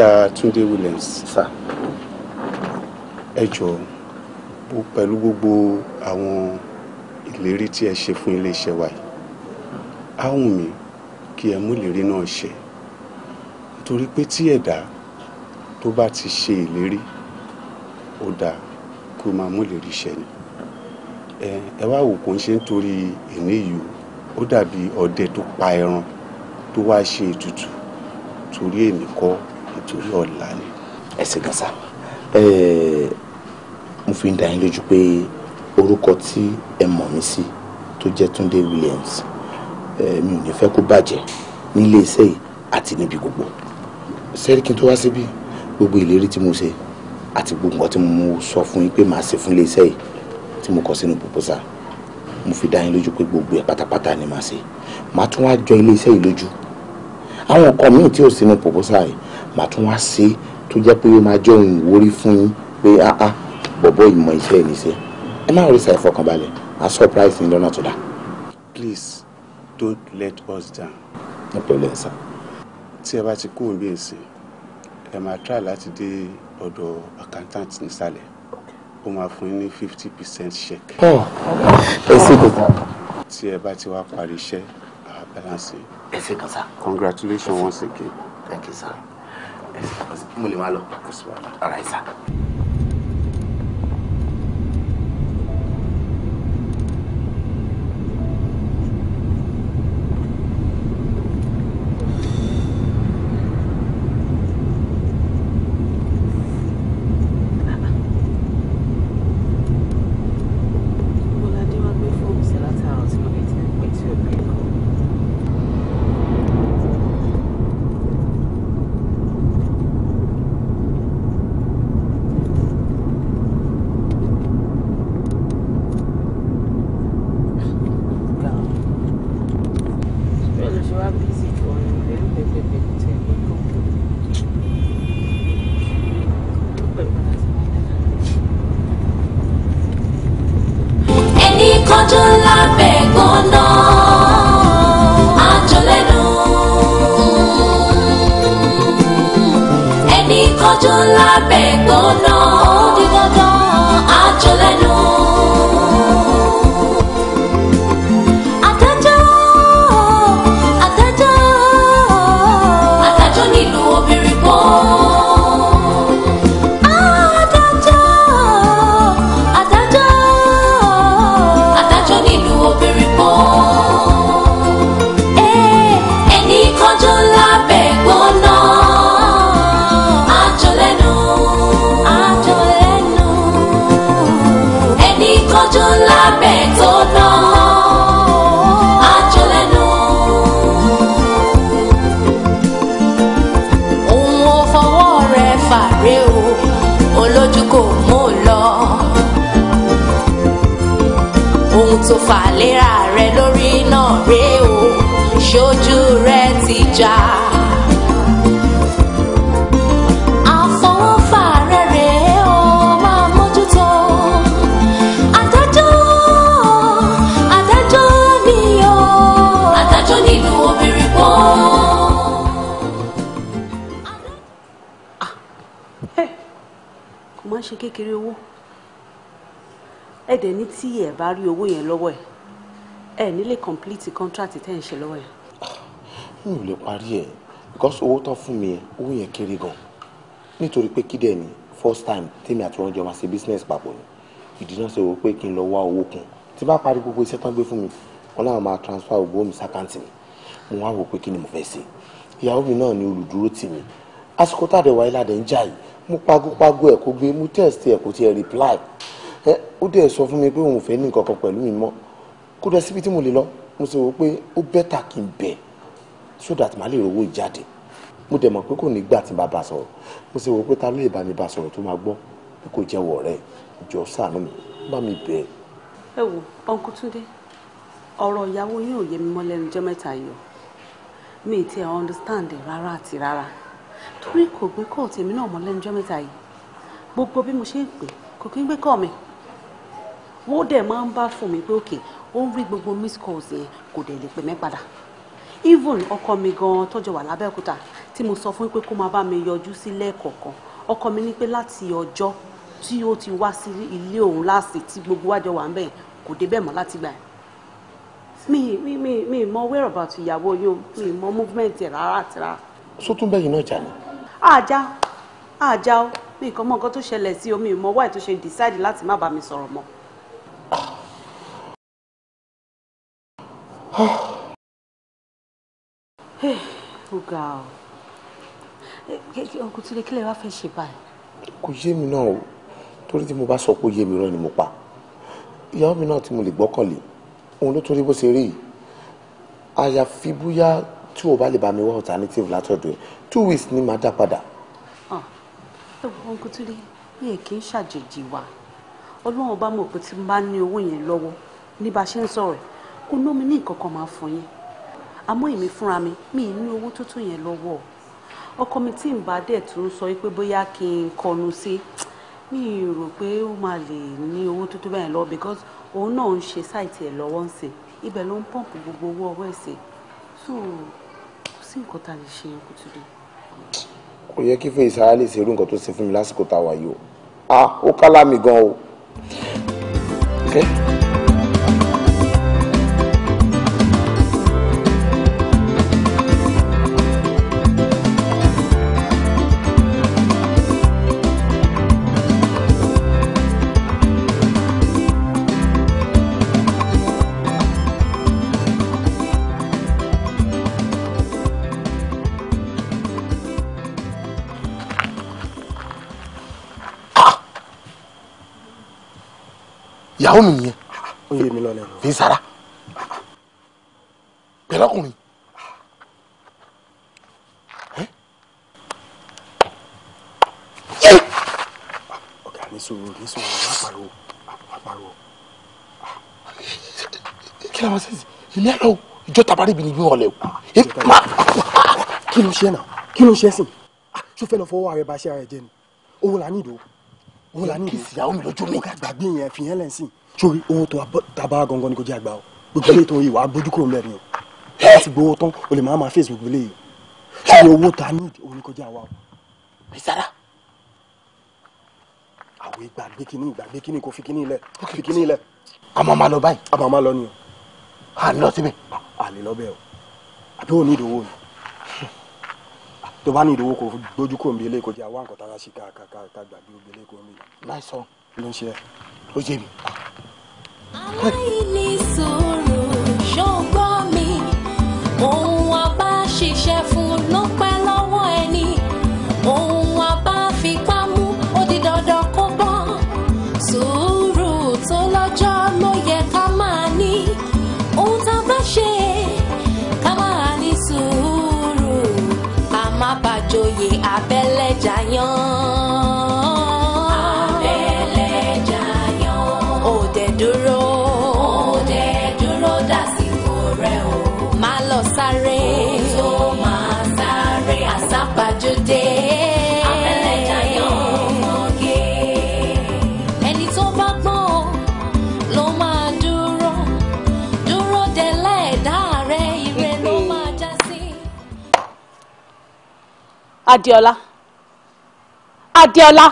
Mr. Tunde Williams sir ẹ jọ̀ọ́ pẹ̀lú gbogbo àwọn ìlérí tí ẹ ṣe fún iléeṣẹ́ wa yìí á wù mí kí ẹ mú ìlérí náà ṣe nítorí pé tí ẹ̀dá tó bá ti ṣe ìlérí ó dáa kó máa mú ìlérí ṣẹ ni ẹ wá wò kó ń ṣe nítorí ìní yìí ó dàbí ọdẹ tó pa ẹran tó wá ṣe ètùtù torí èmi kọ́ nítorí ọ̀la ni ẹ ṣé gan sá mo fi ń dá yín lójú pé orúkọ tí ẹ mọ̀ mí sí tó jẹ́ Túndé Williams mi ò ní fẹ́ kó bàjẹ́ nílé iṣẹ́ yìí àti níbi gbogbo sẹ́ríkì tó wá síbí gbogbo ìlérí tí mo ṣe àti gbogbo nǹkan tí mo sọ fún yín pé màá ṣe fún ilé yìí tí mo kọ sínú pòpósà mo fi dá yín lójú pé gbogbo ẹ̀ pátápátá ni màá ṣe màá tún wá jọ ilé iṣẹ́ yìí lójú àwọn nǹkan míì tí ò sínú pòpósà yìí màá tún wá ṣe tó jẹ́ pé ó máa jẹ́ ohun ìwúrí fún yín pé áá ah, ah, bọ̀bọ̀ ìmọ̀ iṣẹ́ ẹ̀ níṣẹ́ ẹ má rí sa a surprise yín lọ́nà tó dáa. please don't let us down. no problem sir. tí ẹ bá ti kú òbí ẹ̀sìn ẹ máa try láti dé ọ̀dọ̀ accountant nísàlẹ̀ ó máa fún yín ní fifty percent check. Oh, ẹ ṣe kò sá. tí ẹ bá ti wá parí iṣẹ́ àbáláṣe. ẹ ṣe kò sá. congratulations once again. thank you sir mo lè máa lọ. ara ẹ̀ sá. fàlera rẹ lórí náà rè o ṣojú rẹ ti já. àfọwọ́fà rẹ rèé o máa mójútó adájọ́ adájọ́ ni o adájọ́ nínú obìnrin pọ́n. Ah, ṣe kékeré owó ẹ dẹ̀ ní tí ẹ bá rí owó yẹn lọ́wọ́ ẹ ẹ nílé complete contract tẹ́ ń ṣe lọ́wọ́ yẹn. mi ò lè parí ẹ because owó tán fún mi yẹn owó yẹn kéré gan nítorí pé kí ni first time tèmi àti wọn jọ máa ṣe business papọ̀ ni ìdíná ṣe wò pé kí n lọ wá owó kun tí bá parí gbogbo iṣẹ́ tán gbé fún mi wọn náà máa transfer ògbó mi sákàǹtì mi mo wá wò pé kí ni mo fẹ́ ṣe ìyàwó mi náà ni olùdúró tì mí àsìkò tàdé wáyé ládẹ́ ń jà yìí mo pagópagó ẹ̀ kó gbé mo test ẹ̀ kó tiẹ̀ reply ẹ ó dẹ̀ sọ fún mi pé òun ò ní nǹkan kan mi mọ́ kó dẹ̀ síbi tí mo lè lọ mo sì wò pé ó bẹ́tà kí n bẹ̀ so that màá lè rówó jáde mo dẹ̀ mọ̀ pé kò ní gbà tí n bá bá sọ̀rọ̀ mo sì wò pé ta ló lè bá mi bá sọ̀rọ̀ tó máa gbọ́ pé kò jẹ́wọ́ rẹ̀ jọ ṣàánú mi bá mi bẹ̀. ẹ wo ọkùn túndé ọ̀rọ̀ ìyàwó yín ò yé mi mọ́ lẹ́nu jẹ́ mẹ́ta yìí o mi ì tiẹ̀ understand rárá àti rárá torí kò gbé kóòtù èmi náà mọ́ lẹ́nu jẹ́ mẹ́ta yìí gbogbo bí mo ṣe ń pè kò kí ń gbé kọ́ mi wọ́n dẹ̀ máa ń bá fún mi pé òkè ó ń rí gbogbo miss calls yẹn kò dẹ̀ lè pè mí padà even ọkọ mi gan tọ́jọ́ wà lábẹ́òkúta tí mo sọ fún pé kó máa bá mi yọjú sí lẹ́ẹ̀kọ̀ọ̀kan ọkọ mi ní pé láti ọjọ́ tí ó ti wá sí ilé òun láàsì tí gbogbo wájọ wà ń bẹ̀ kò débẹ̀ mọ́ láti gbà mi mi mi mi mọ whereabout ìyàwó yóò mi mọ movement rárá àti rárá. sótún bẹ́yìn náà jà ni. àjà àjà o mi kàn mọ nǹkan tó ṣẹlẹ̀ sí omi ìmọ̀ wáì tó ṣe decide láti má bá mi sọ̀rọ̀ mọ́. ó o ọ ọkùnrin tí lè kílẹ̀ wá fẹ́ ṣe báyìí. kò yé mi náà o torí tí mo bá sọ pé ó yé mi rán ni mo pa ìyàwó mi náà tí mo lè gbọ́kànlé òun ló torí bó ṣe rí yìí àyàfi bóyá tí o bá lè bá mi wá alternative látọ̀dọ̀ ẹ̀ two weeks ni màá dá padà. ẹ wo ọkùnrin tí lè mi è kí ń ṣàjèjì wa ọlọ́run bá mọ̀ pé tí n bá ní owó yẹn lọ́wọ́ ní bá ṣe ń sọ̀rọ̀ kó ná mi ní nǹkan kan máa fún yín àmọ́ èmi fúnra mi mi ì ní owó tó tó yẹn lọ́wọ́ ọkọ mi tí ń bá dẹ̀ tún sọ pé bóyá kí n kọnu sí mi ì rò pé ó máa lè ní owó tó tó bẹ́ẹ̀ lọ because òun náà ń ṣe sáìtì ẹ̀ lọ́wọ́ ń ibẹ̀ ló ń pọ̀mpù gbogbo owó ọwọ́ ẹ̀ sè so kò sí nǹkan tá a lè ṣe yẹn kó tó dé. kò yẹ kí fèyí sára lè ṣe nǹkan tó ṣe fún mi lásìkò tá a wà yìí o ah ó kálá mi gan o. Okay. ìyàwó mi nìyẹn. Ah, ah, ó yé mi lọ́lẹ̀. fi sara ah, pẹ̀lú ọkùnrin. Eh? ọ̀gá ní sọ̀rọ̀ ní sọ̀rọ̀ má pariwo má pariwo. kí ló máa ṣe ìní ẹ̀ lọ́wọ́ ìjọ tabari bi ni gbé wọlé o. kí ló ṣe náà kí ló ṣe sìn ṣó fẹ́ lọ fọwọ́ ara bá ṣe ara ẹ jẹ ni òun là ní ìdòwò mo là ní kìsì ìyàwó lójú mi. mo kà yẹn fi yẹn lẹ́sìn. sórí ohun tó taba gangan ni kò jẹ́ àgbà o gbogbo ilé ìtàn yìí wàá gbójú kúrò lẹ́nu o láti gbowó tán o lè máa ma fèsì gbogbo ilé yìí sórí owó ta ní òun ni kò jẹ́ àwa o. ìsára. àwọn ìgbàgbé kínní ìgbàgbé kínní kò fi kínní lẹ fi kínní lẹ. a máa ma lọ báyìí. a máa ma lọ ni o. a lọ síbẹ̀. a lè lọ bẹ́ẹ̀ o àbí òun ní ìdòwò ni tó bá ní ìdòwò kò gbójú kò ń bí eléyìí kò jẹ́ àwọn àǹkọ̀tara sí ká ká ká gbàgbé ògbé eléyìí kò ń bí. láìsọ ló ń ṣe ẹ ó jẹ mi. aláìní sọ. Adéọlá Adéọlá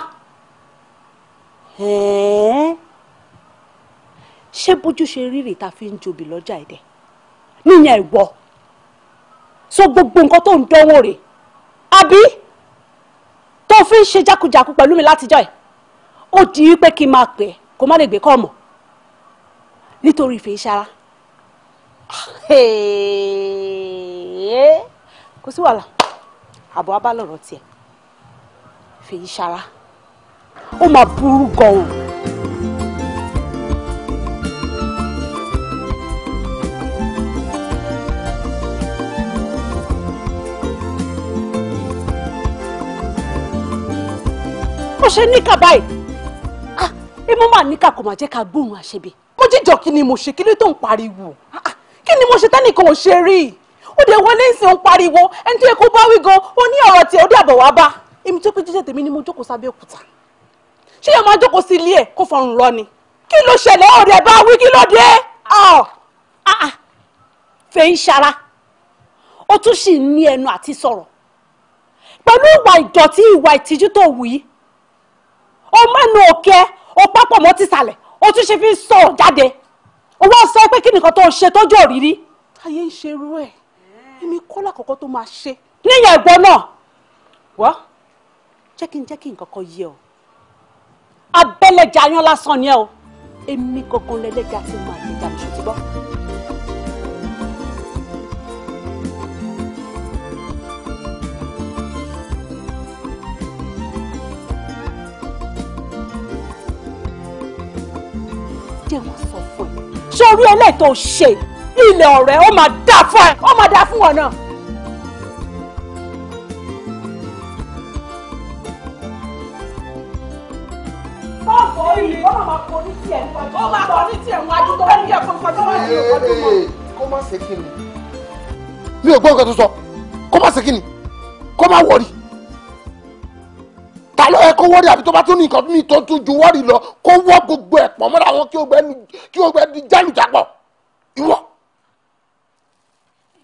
ṣé bójú ṣe rírì tá a fi ń jobi lọ́jà ẹ̀dẹ̀ níyẹn ìwọ so gbogbo nǹkan tó ń dánwò rè àbí tó fi ń ṣe jákujàku pẹ̀lú mi látijọ́ ẹ̀ ó di pé kí n máa pè é kó má lè gbé kọ́ mọ̀ nítorí ìfẹ́ ìṣara kò sí wàhálà àbọ̀ wá bá lọ̀rọ̀ tiẹ̀ fèyí ṣara ó máa burú gan-an. bó ṣe níkà báyìí ah imú mà níkà kò mà jẹ́ ká gbóhùn àṣebí mo jíjọ kí ni mo ṣe kí ló tó ń pariwo ah, ah, kí ni mo ṣe tẹ́nìkan ò ṣe rí i ó dé wọlé ń sìn ń pariwo ẹni tó yẹ kó bá wí gan ó ní ọ̀rọ̀ tí ó dàbọ̀ wá bá èmi tó pé jíjẹ́ tèmi ni mo jókòó sábẹ́ òkúta ṣé yóò máa jókòó sí ilé ẹ̀ kó fọrùn lọ ni kí ló ṣẹlẹ̀ ọ̀rẹ́ bá wí kí ló dé ah, ah. fẹ́ ń ṣara ó tún sì ń ní ẹnu àti sọ̀rọ̀ pẹ̀lú ìwà ìdọ̀tí ìwà ìtìjú tó wù yìí ó mẹ́nu òkè ó pápọ̀ mọ́ ti ó tún ṣe fi ń sọ̀rọ̀ jáde ó wá pé kí nìkan tó ń ṣe tójú òrírí ayé ń ṣerú ẹ̀ èmi kọ́ lákọ̀ọ́kọ́ tó máa ṣe níyàn ẹ̀gbọ́n náà wọ́n jẹ́ kí n jẹ́ kí nǹkan kan yé ọ abẹ́lẹ̀jà yan lásán ni ẹ o èmi gangan lẹ́lẹ́jà ti máa lẹ́jà tó ti bọ́. ṣé orí ẹlẹ́tọ̀ ṣe ilẹ̀ ọ̀rẹ́ ó máa dà fún ẹ ó máa dà fún ọ náà. bọ́ọ̀bù ilé ó máa kọ ní tiẹ̀ ó máa kọ ní tiẹ̀ wájú tó bá ní ẹ̀kọ́ nípa tó bá ní ẹ̀kọ́ tó mọ̀. kó má ṣe kí ni. mi ò gbọ́ nǹkan tó sọ kó má ṣe kí ni kó má wọrí ta ló yẹ kó wọ́ọ̀rì àbí tó bá tún ní nǹkan mi tó tún ju wọ́ọ̀rì lọ kó wọ́ gbogbo ẹ̀ pọ̀ mọ́ra wọn kí o gbẹ́ di jálùjápọ̀ ìwọ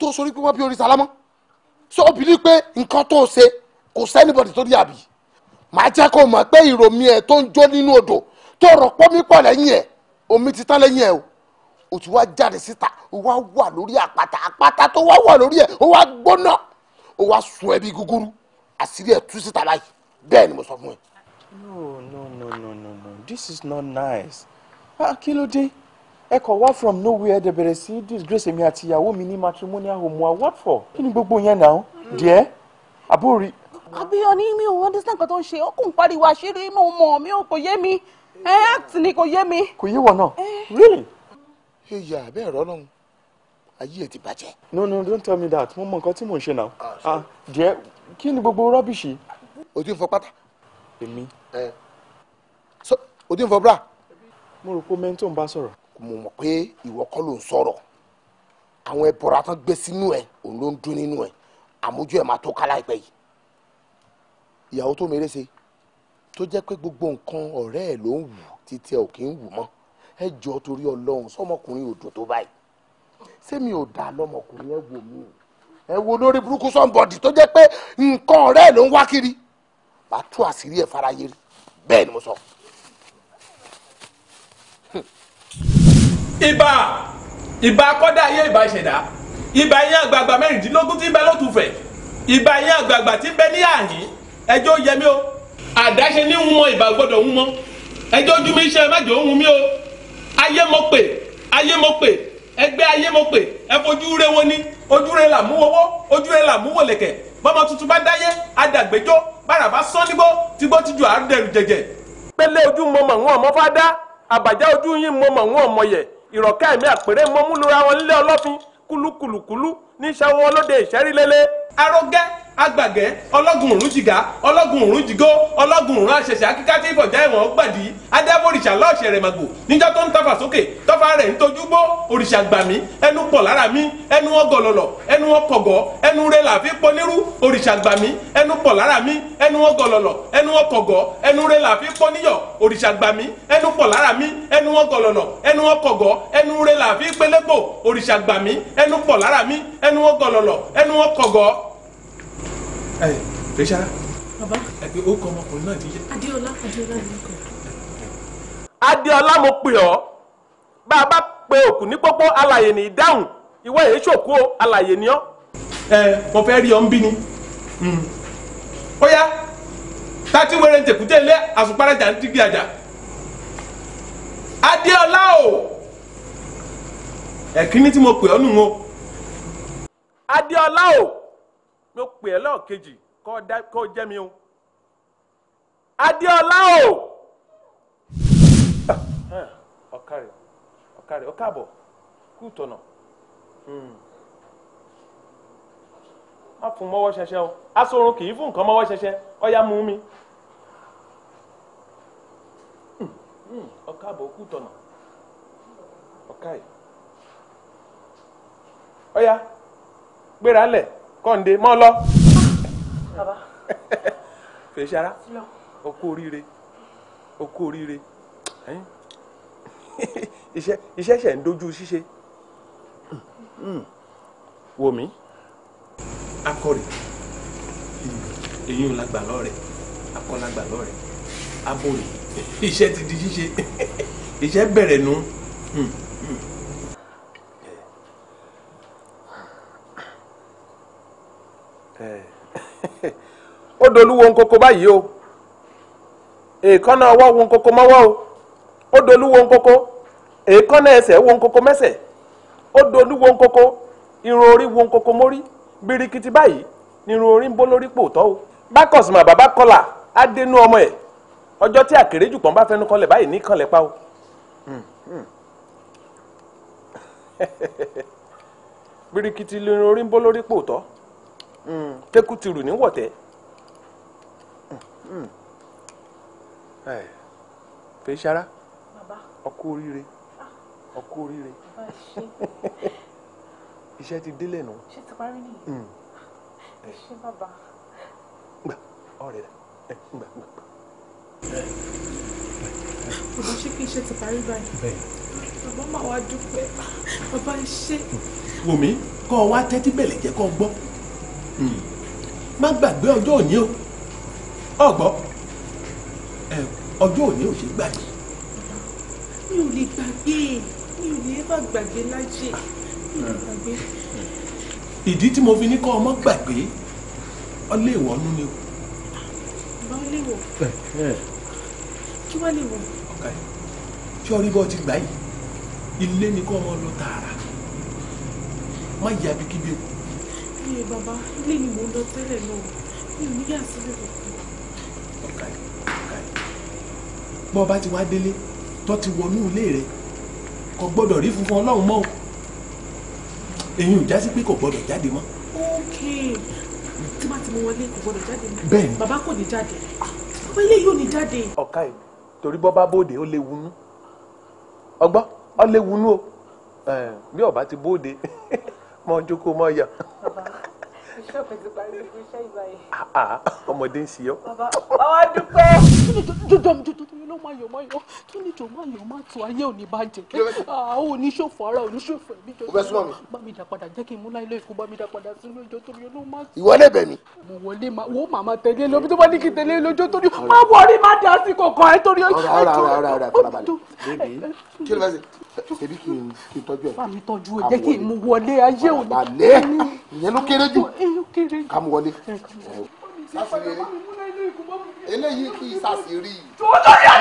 tó sori pé wọ́n bí orí sálámọ́ so ó pé nǹkan tó ṣe kò sẹ́nibọ̀dì tó rí àbí màá jẹ́ kó mọ̀ pé ìròmí ẹ̀ tó ń jó nínú odò tó rọ̀ pọ́nmi pọ̀ lẹ́yìn ẹ̀ omi ti tán lẹ́yìn ẹ̀ o ó ti wá jáde síta ó wá wà lórí àpáta àpáta tó wá wà lórí ẹ̀ ó wá gbóná ó wá sun ẹbí gúgúrú àṣírí ẹ̀ tú síta báyìí bẹ́ẹ̀ ni mo sọ fún ẹ. no no no no no no this is not nice ah kí ẹ kọ̀ wá from nowhere dẹ̀ bẹ̀rẹ̀ sí disgrace èmi àti ìyàwó mi ní matrimonial home wa what for kí ni gbogbo yẹn náà díẹ̀ àbórí. abiyọni mi ò understand nǹkan tó ń ṣe ó kò ń pariwo àṣírí mi ò mọ̀ mi ò kò yé mi ẹ act ni kò yé mi. kò yé wọ náà really. ṣé ìyá abẹ́ ẹ̀rọ náà ayé ẹ ti bàjẹ́. no no don't tell me that mo mọ nǹkan tí mò ń ṣe náà ah, ah, díẹ̀ kí ni gbogbo rọ́bìṣì. o ti ń fọ pátá. èmi. o ń fọ bra. mo rò pé mẹ́ńtò ń bá sọ̀rọ̀ mo mọ̀ pé ìwọ kọ́ ló ń sọ̀rọ̀ àwọn ẹbọra tán gbé sínú ẹ òun ló ń dún nínú ẹ àmójú ẹ máa tó ká láìpẹ́ yìí ìyàwó tó mèrè ṣe tó jẹ́ pé gbogbo nǹkan ọ̀rẹ́ ẹ̀ ló ń wù títí ẹ ò kí ń wù mọ́ ẹ jọ torí ọlọ́run sọmọkùnrin òdò tó báyìí sẹ́mi ò dá lọ́mọkùnrin ẹ wò mí ẹ wo lórí burúkú sọ́nbọ̀dì tó jẹ́ pé nǹkan ọ̀rẹ́ ẹ̀ ló ń wá kiri bá tú àṣírí ẹ̀ fara rí bẹ́ẹ̀ ni mo sọ. ibà ibà kọ́dà ayé ibà ìṣẹ̀dá ibà yẹn àgbààgbà mẹ́rìndínlógún tí ń bẹ lótùfẹ̀ ibà yẹn àgbààgbà tí ń bẹ ní àyín ẹjọ́ yẹmí o àdáṣe ní ń mọ ibà gbọ́dọ̀ ń mọ ẹjọ́ ojú mi iṣẹ́ májò ń hun mi o ayé mo pè ayé mo pè ẹgbẹ́ ayé mo pè ẹ fojú re wọn ni ojú re là mú owó ojú re là mú wòlẹ̀kẹ̀ bọ́mọ tuntun bá dáyé adàgbẹ́jọ́ bárabá sán nígbó tigbó tijú àádẹ́rù jẹjẹ. pélé ojú mo wọn ọmọ fá dá àbàjá ojú yín mo wọn ọmọ yẹ̀ ìrọ̀kẹ́ ẹ̀mí àpèrè mọ́múlura wọn nílé ọlọ́fin kúlúkùlùkùlú ní sẹ́wọ́n lóde ìṣẹ́rí lélẹ̀. arọgẹ́ agbàgẹ́ ọlọ́gùn òrùn jìgá ọlọ́gùn òrùn jìgó ọlọ́gùn òrùn àṣẹṣẹ akíká tí ìfọ̀já ẹ̀wọ̀n gbàdí adébòrìṣà lọ́ọ̀ṣẹ̀ rẹ̀ màgò níjọ́ tó ń tọ́fà sókè tọ́fà rẹ̀ ń tojú bó òrìṣà gbà mí ẹnu pọ̀ lára mi ẹnu ọgọlọlọ ẹnu ọkọ̀gọ́ ẹnu rẹ̀ làfi pọ́nírú òrìṣà gbà mí ẹnu pọ̀ lára mi ẹnu ọgọlọlọ ẹnu ọkọ̀gọ́ ẹnu rẹ̀ làfi pọ́níyọ̀ òrìṣà gbà ẹnu pọ̀ lára mi ẹnu ọgọlọlọ ẹnu ọkọ̀gọ́ ẹnu rẹ̀ làfi pélépò òrìṣà gbà ẹnu pọ̀ lára mi ẹnu ọgọlọlọ ẹnu ọkọ̀gọ́ ẹ rẹṣà ẹ pé ó kọ ọmọkùnrin náà ti yé. adéọlá adéọlá ló ń kọ. adéọlá mo pè ọ́ bá a bá pe òkú ní pópó alàyè ní ìdáhùn ìwọ ṣòkú alàyè ọ́. ẹ mo fẹ́ hmm. aja adéọlá o ẹkíní tí mo pè ọ́ adéọlá o. ló pè é lọ́ọ̀kejì kó jẹ́ mi o. Adéọlá o. ọ̀kàrẹ̀ ọ̀kàrẹ̀ ọ̀kàbọ̀ kú tọ̀nà hmm. má fún mọ́wọ́ ṣẹṣẹ o asorun kì í fún nǹkan mọ́wọ́ ṣẹṣẹ mú mi. ọ̀kàbọ̀ hmm, hmm, kú tọ̀nà ọ̀kàrẹ̀ gbéra lẹ̀. kọ́ńdé mọ́ lọ. bàbá fèsì ara o kú oríire o kú oríire iṣẹ́ iṣẹ́ ṣẹ̀ ń dojú ṣíṣe wò mí akọrè èyí ò lágbà lọ́rẹ̀ akọ́lágbà lọ́rẹ̀ aborè iṣẹ́ ti di ṣíṣe iṣẹ́ bẹ̀rẹ̀ nù. Hmm, hmm. dolúwo nkoko báyìí o èèkánná ọwọ́ wo nkoko mọ́wọ́ o ó dolúwo nkoko èèkánná ẹsẹ̀ wo nkoko mẹ́sẹ̀ ó nkoko irun orí wo nkoko mórí birikiti báyìí ni irun orí ń bó o bákọ̀sìmọ̀ bàbá kọlà á dénú ọmọ ẹ̀ ọjọ́ tí àkèrè jù bá fẹnu pa o. birikiti orí ń bó lórí pòótọ́ hmm, Mm. Ah. ẹ fẹ́ ṣara ọkú oríire ọkú oríire iṣẹ́ ti délẹ̀ nù. ṣé ti parí nìyí. Mm. Eh. ṣé bàbá. gbà ọ̀rẹ́ rẹ eh, gbà gbà. bàbá ṣé kí iṣẹ́ ti parí báyìí. bẹ́ẹ̀. bàbá máa wá dúpẹ́ bàbá iṣẹ́. wòmí kọ́ ọ wá tẹ́tí bẹ̀lẹ̀ jẹ́ kọ́ gbọ́ hmm. má gbàgbé ọjọ́ òní o ọgbọ ọjọ́ òní ò ṣe gbàgbé. mi ò lè gbàgbé mi ò lè bá gbàgbé lájẹ mi ò lè gbàgbé. ìdí tí mo fi ní kọ́ ọmọ gbàgbé ọlẹ́ ìwọ nú ni o. bá ọlẹ́ ìwọ. kí wàá lè wọ. ọ̀gá yìí tí ọ rí bọ́ ti gbà yìí ilé ni kọ́ ọmọ lọ tààrà má yà bí kíbi o. ẹ bàbá ilé ni mò ń lọ tẹ́lẹ̀ náà mi ò ní yà sílẹ̀ lọ. bọ́ ọ bá ti wá délé tó ti wọnú ilé rẹ kò gbọ́dọ̀ rí funfun ọlọ́run mọ́ o èyí ò já sí pé kò gbọ́dọ̀ jáde mọ́. ok tí bá ti mú wọlé kò gbọ́dọ̀ jáde mọ́. bẹ́ẹ̀ni bàbá kò ní jáde wọlé yóò ní jáde. ọ̀ka ẹ̀ torí bọ́ bá bóde ó léwu nú ọgbọ́ ó léwu nú o bí ọba ti bóde mọ́ jókòó mọ́ yà. bàbá ṣọ́ọ̀pù ti parí gbogbo iṣẹ́ ìbáyìí. ọmọdé ń ṣiyọ́. bàbá bàbá dúpẹ́. jọjọ mi jọjọ tó yẹ ló máa yọ máa yọ tó ní jọ máa yọ máa tó ayé òní bàjẹ́ àwọn oníṣòfò ara oníṣòfò ẹ̀mí jọjọ. o bẹ súnmọ́ mi. bá mi dà padà jẹ́ kí n mú láìlọ́ ìkú bá mi dà padà sínú ìjọ tó yẹ ló máa. ìwọlé bẹ̀ mí. mo wọlé ma wo màmá tẹ̀lé lóbi tó bá ní kí tẹ̀lé lójó tó ní má wọrí má dà sí kọ̀ọ̀kan ẹ̀ torí ọjọ́. ọ̀rọ̀ ọ̀rọ̀ ọ̀rọ̀ ọ̀rọ̀ ebi kì í tọ́jú ẹ̀. bá mi tọ́jú ẹ jẹ́ kí n mú wọlé ayé òní. balẹ̀ ìyẹn ló kéré jù ká mú wọlé. eléyìí kì í sásìrì. tó tó yà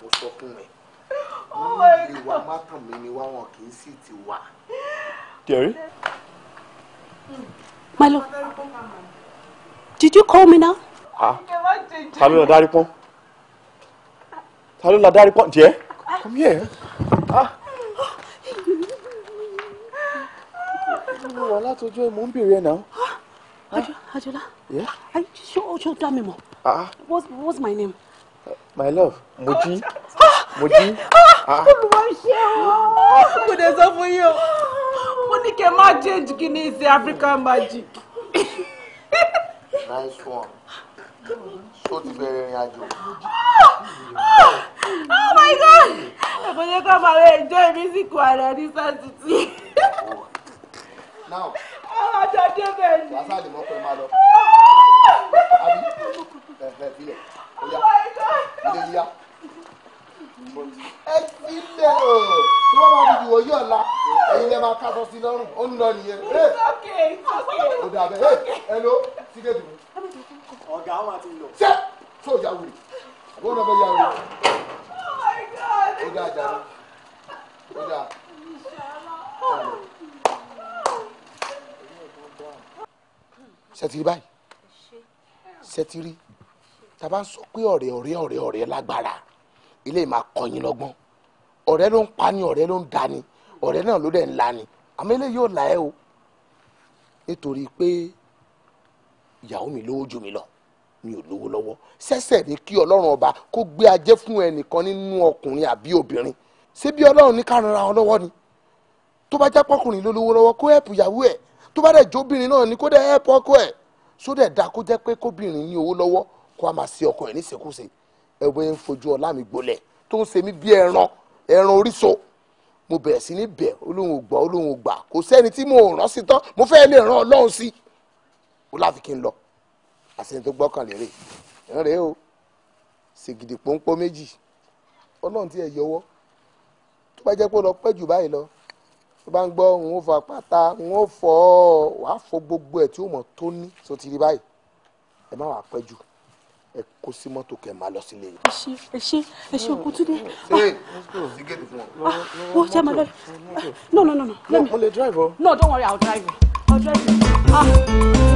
mo sọ fún oh mi ìwà mátàn ni wá wọn kì í sì ti wà. jerry. Hmm. my love. Did you call me now? Ah. tell me the dárí pọ́n? Tell me the dárí pọ́n? Dear, come here. Ah. Mo wà látọjọ́ ẹ̀ mò ń bèrè ẹ̀ náà. Ah. Ajola. Yeah? Ṣé o ṣe dá mi mọ̀? Ah. What's, what's my name? Uh, my love, Mojí. Mojí. Olùwàṣẹ́ o. Mo dẹ̀ sọ fún yín o. Mo ní kẹ́ máa change kí ni ṣe African magic nice one tó ti bẹ̀rẹ̀ ìrìn àjò. oh my god àgbẹ̀yẹ kọ́ máa lè jọ èmi sì kú ààrẹ ní sátidé. now. ọlọ́jọ́ débẹ̀ ni. wàá sáà lè mọ̀ pé máa lọ. bá sọ pé ọ̀rẹ́ ọ̀rẹ́ ọ̀rẹ́ ọ̀rẹ́ lágbára ilé ìmọ̀ akọyin lọ́gbọ́n ọ̀rẹ́ ló ń pani ọ̀rẹ́ ló ń dani ọ̀rẹ́ náà ló dẹ̀ ń lani àmọ́ ilé yóò là ẹ́ o nítorí pé ìyàwó mi lówó ju mi lọ mi ò lówó lọ́wọ́ sẹ́sẹ̀ ni kí ọlọ́run ọba kó gbé ajé fún ẹnìkan nínú ọkùnrin àbí obìnrin ṣé bí ọlọ́run ní ká ran ara lọ́wọ́ ni tó bá jẹ́ pọ́kùnrin ló lówó lọ́wọ́ kó ẹ̀pù ìyàwó ẹ̀ tó bá dẹ̀ jóbìnrin náà ni kó dẹ̀ ẹ̀pù ọkọ ẹ̀ sódẹ̀ dá kó jẹ́ pé kóbìnrin ní owó lọ́wọ́ kó a máa ṣe ọkọ ẹ̀ níṣekúṣe ẹ̀wọ́ ẹ̀ ń fojú ọlá mi gbolẹ̀ tó ń ṣe mí bí ẹran ẹran oríṣo mo bẹ̀rẹ̀ sí ní bẹ̀ olóhùn ògbà olóhùn ògbà kò sẹ́ni tí mo rán sí tán mo fẹ́ lè ràn ọlọ́run sí ó láfi kí n lọ àṣeyìn tó gbọ́kàn lérè ń rèé o ṣègìdì pọ́npọ́ méjì ọlọ́run tí ẹ yọwọ́ tó bá jẹ́ pé ó lọ pẹ́ jù báyìí lọ tó bá ń gbọ́ n ó fa pátá n ó fọ́ wàá fọ gbogbo ẹ̀ tí ó mọ̀ tó ní sotiri báyìí ẹ má wàá pẹ́ jù ẹ kó sí mọ́tò kẹ́ máa lọ sílé yìí. ẹ ṣe ẹ ṣe ẹ ṣe òkú túnde. ṣe ṣe gèdè fún ọ. ó ah, ṣe máa lọ no no no no. mo lè drive o. no don't worry i will drive you i will drive you. Ah.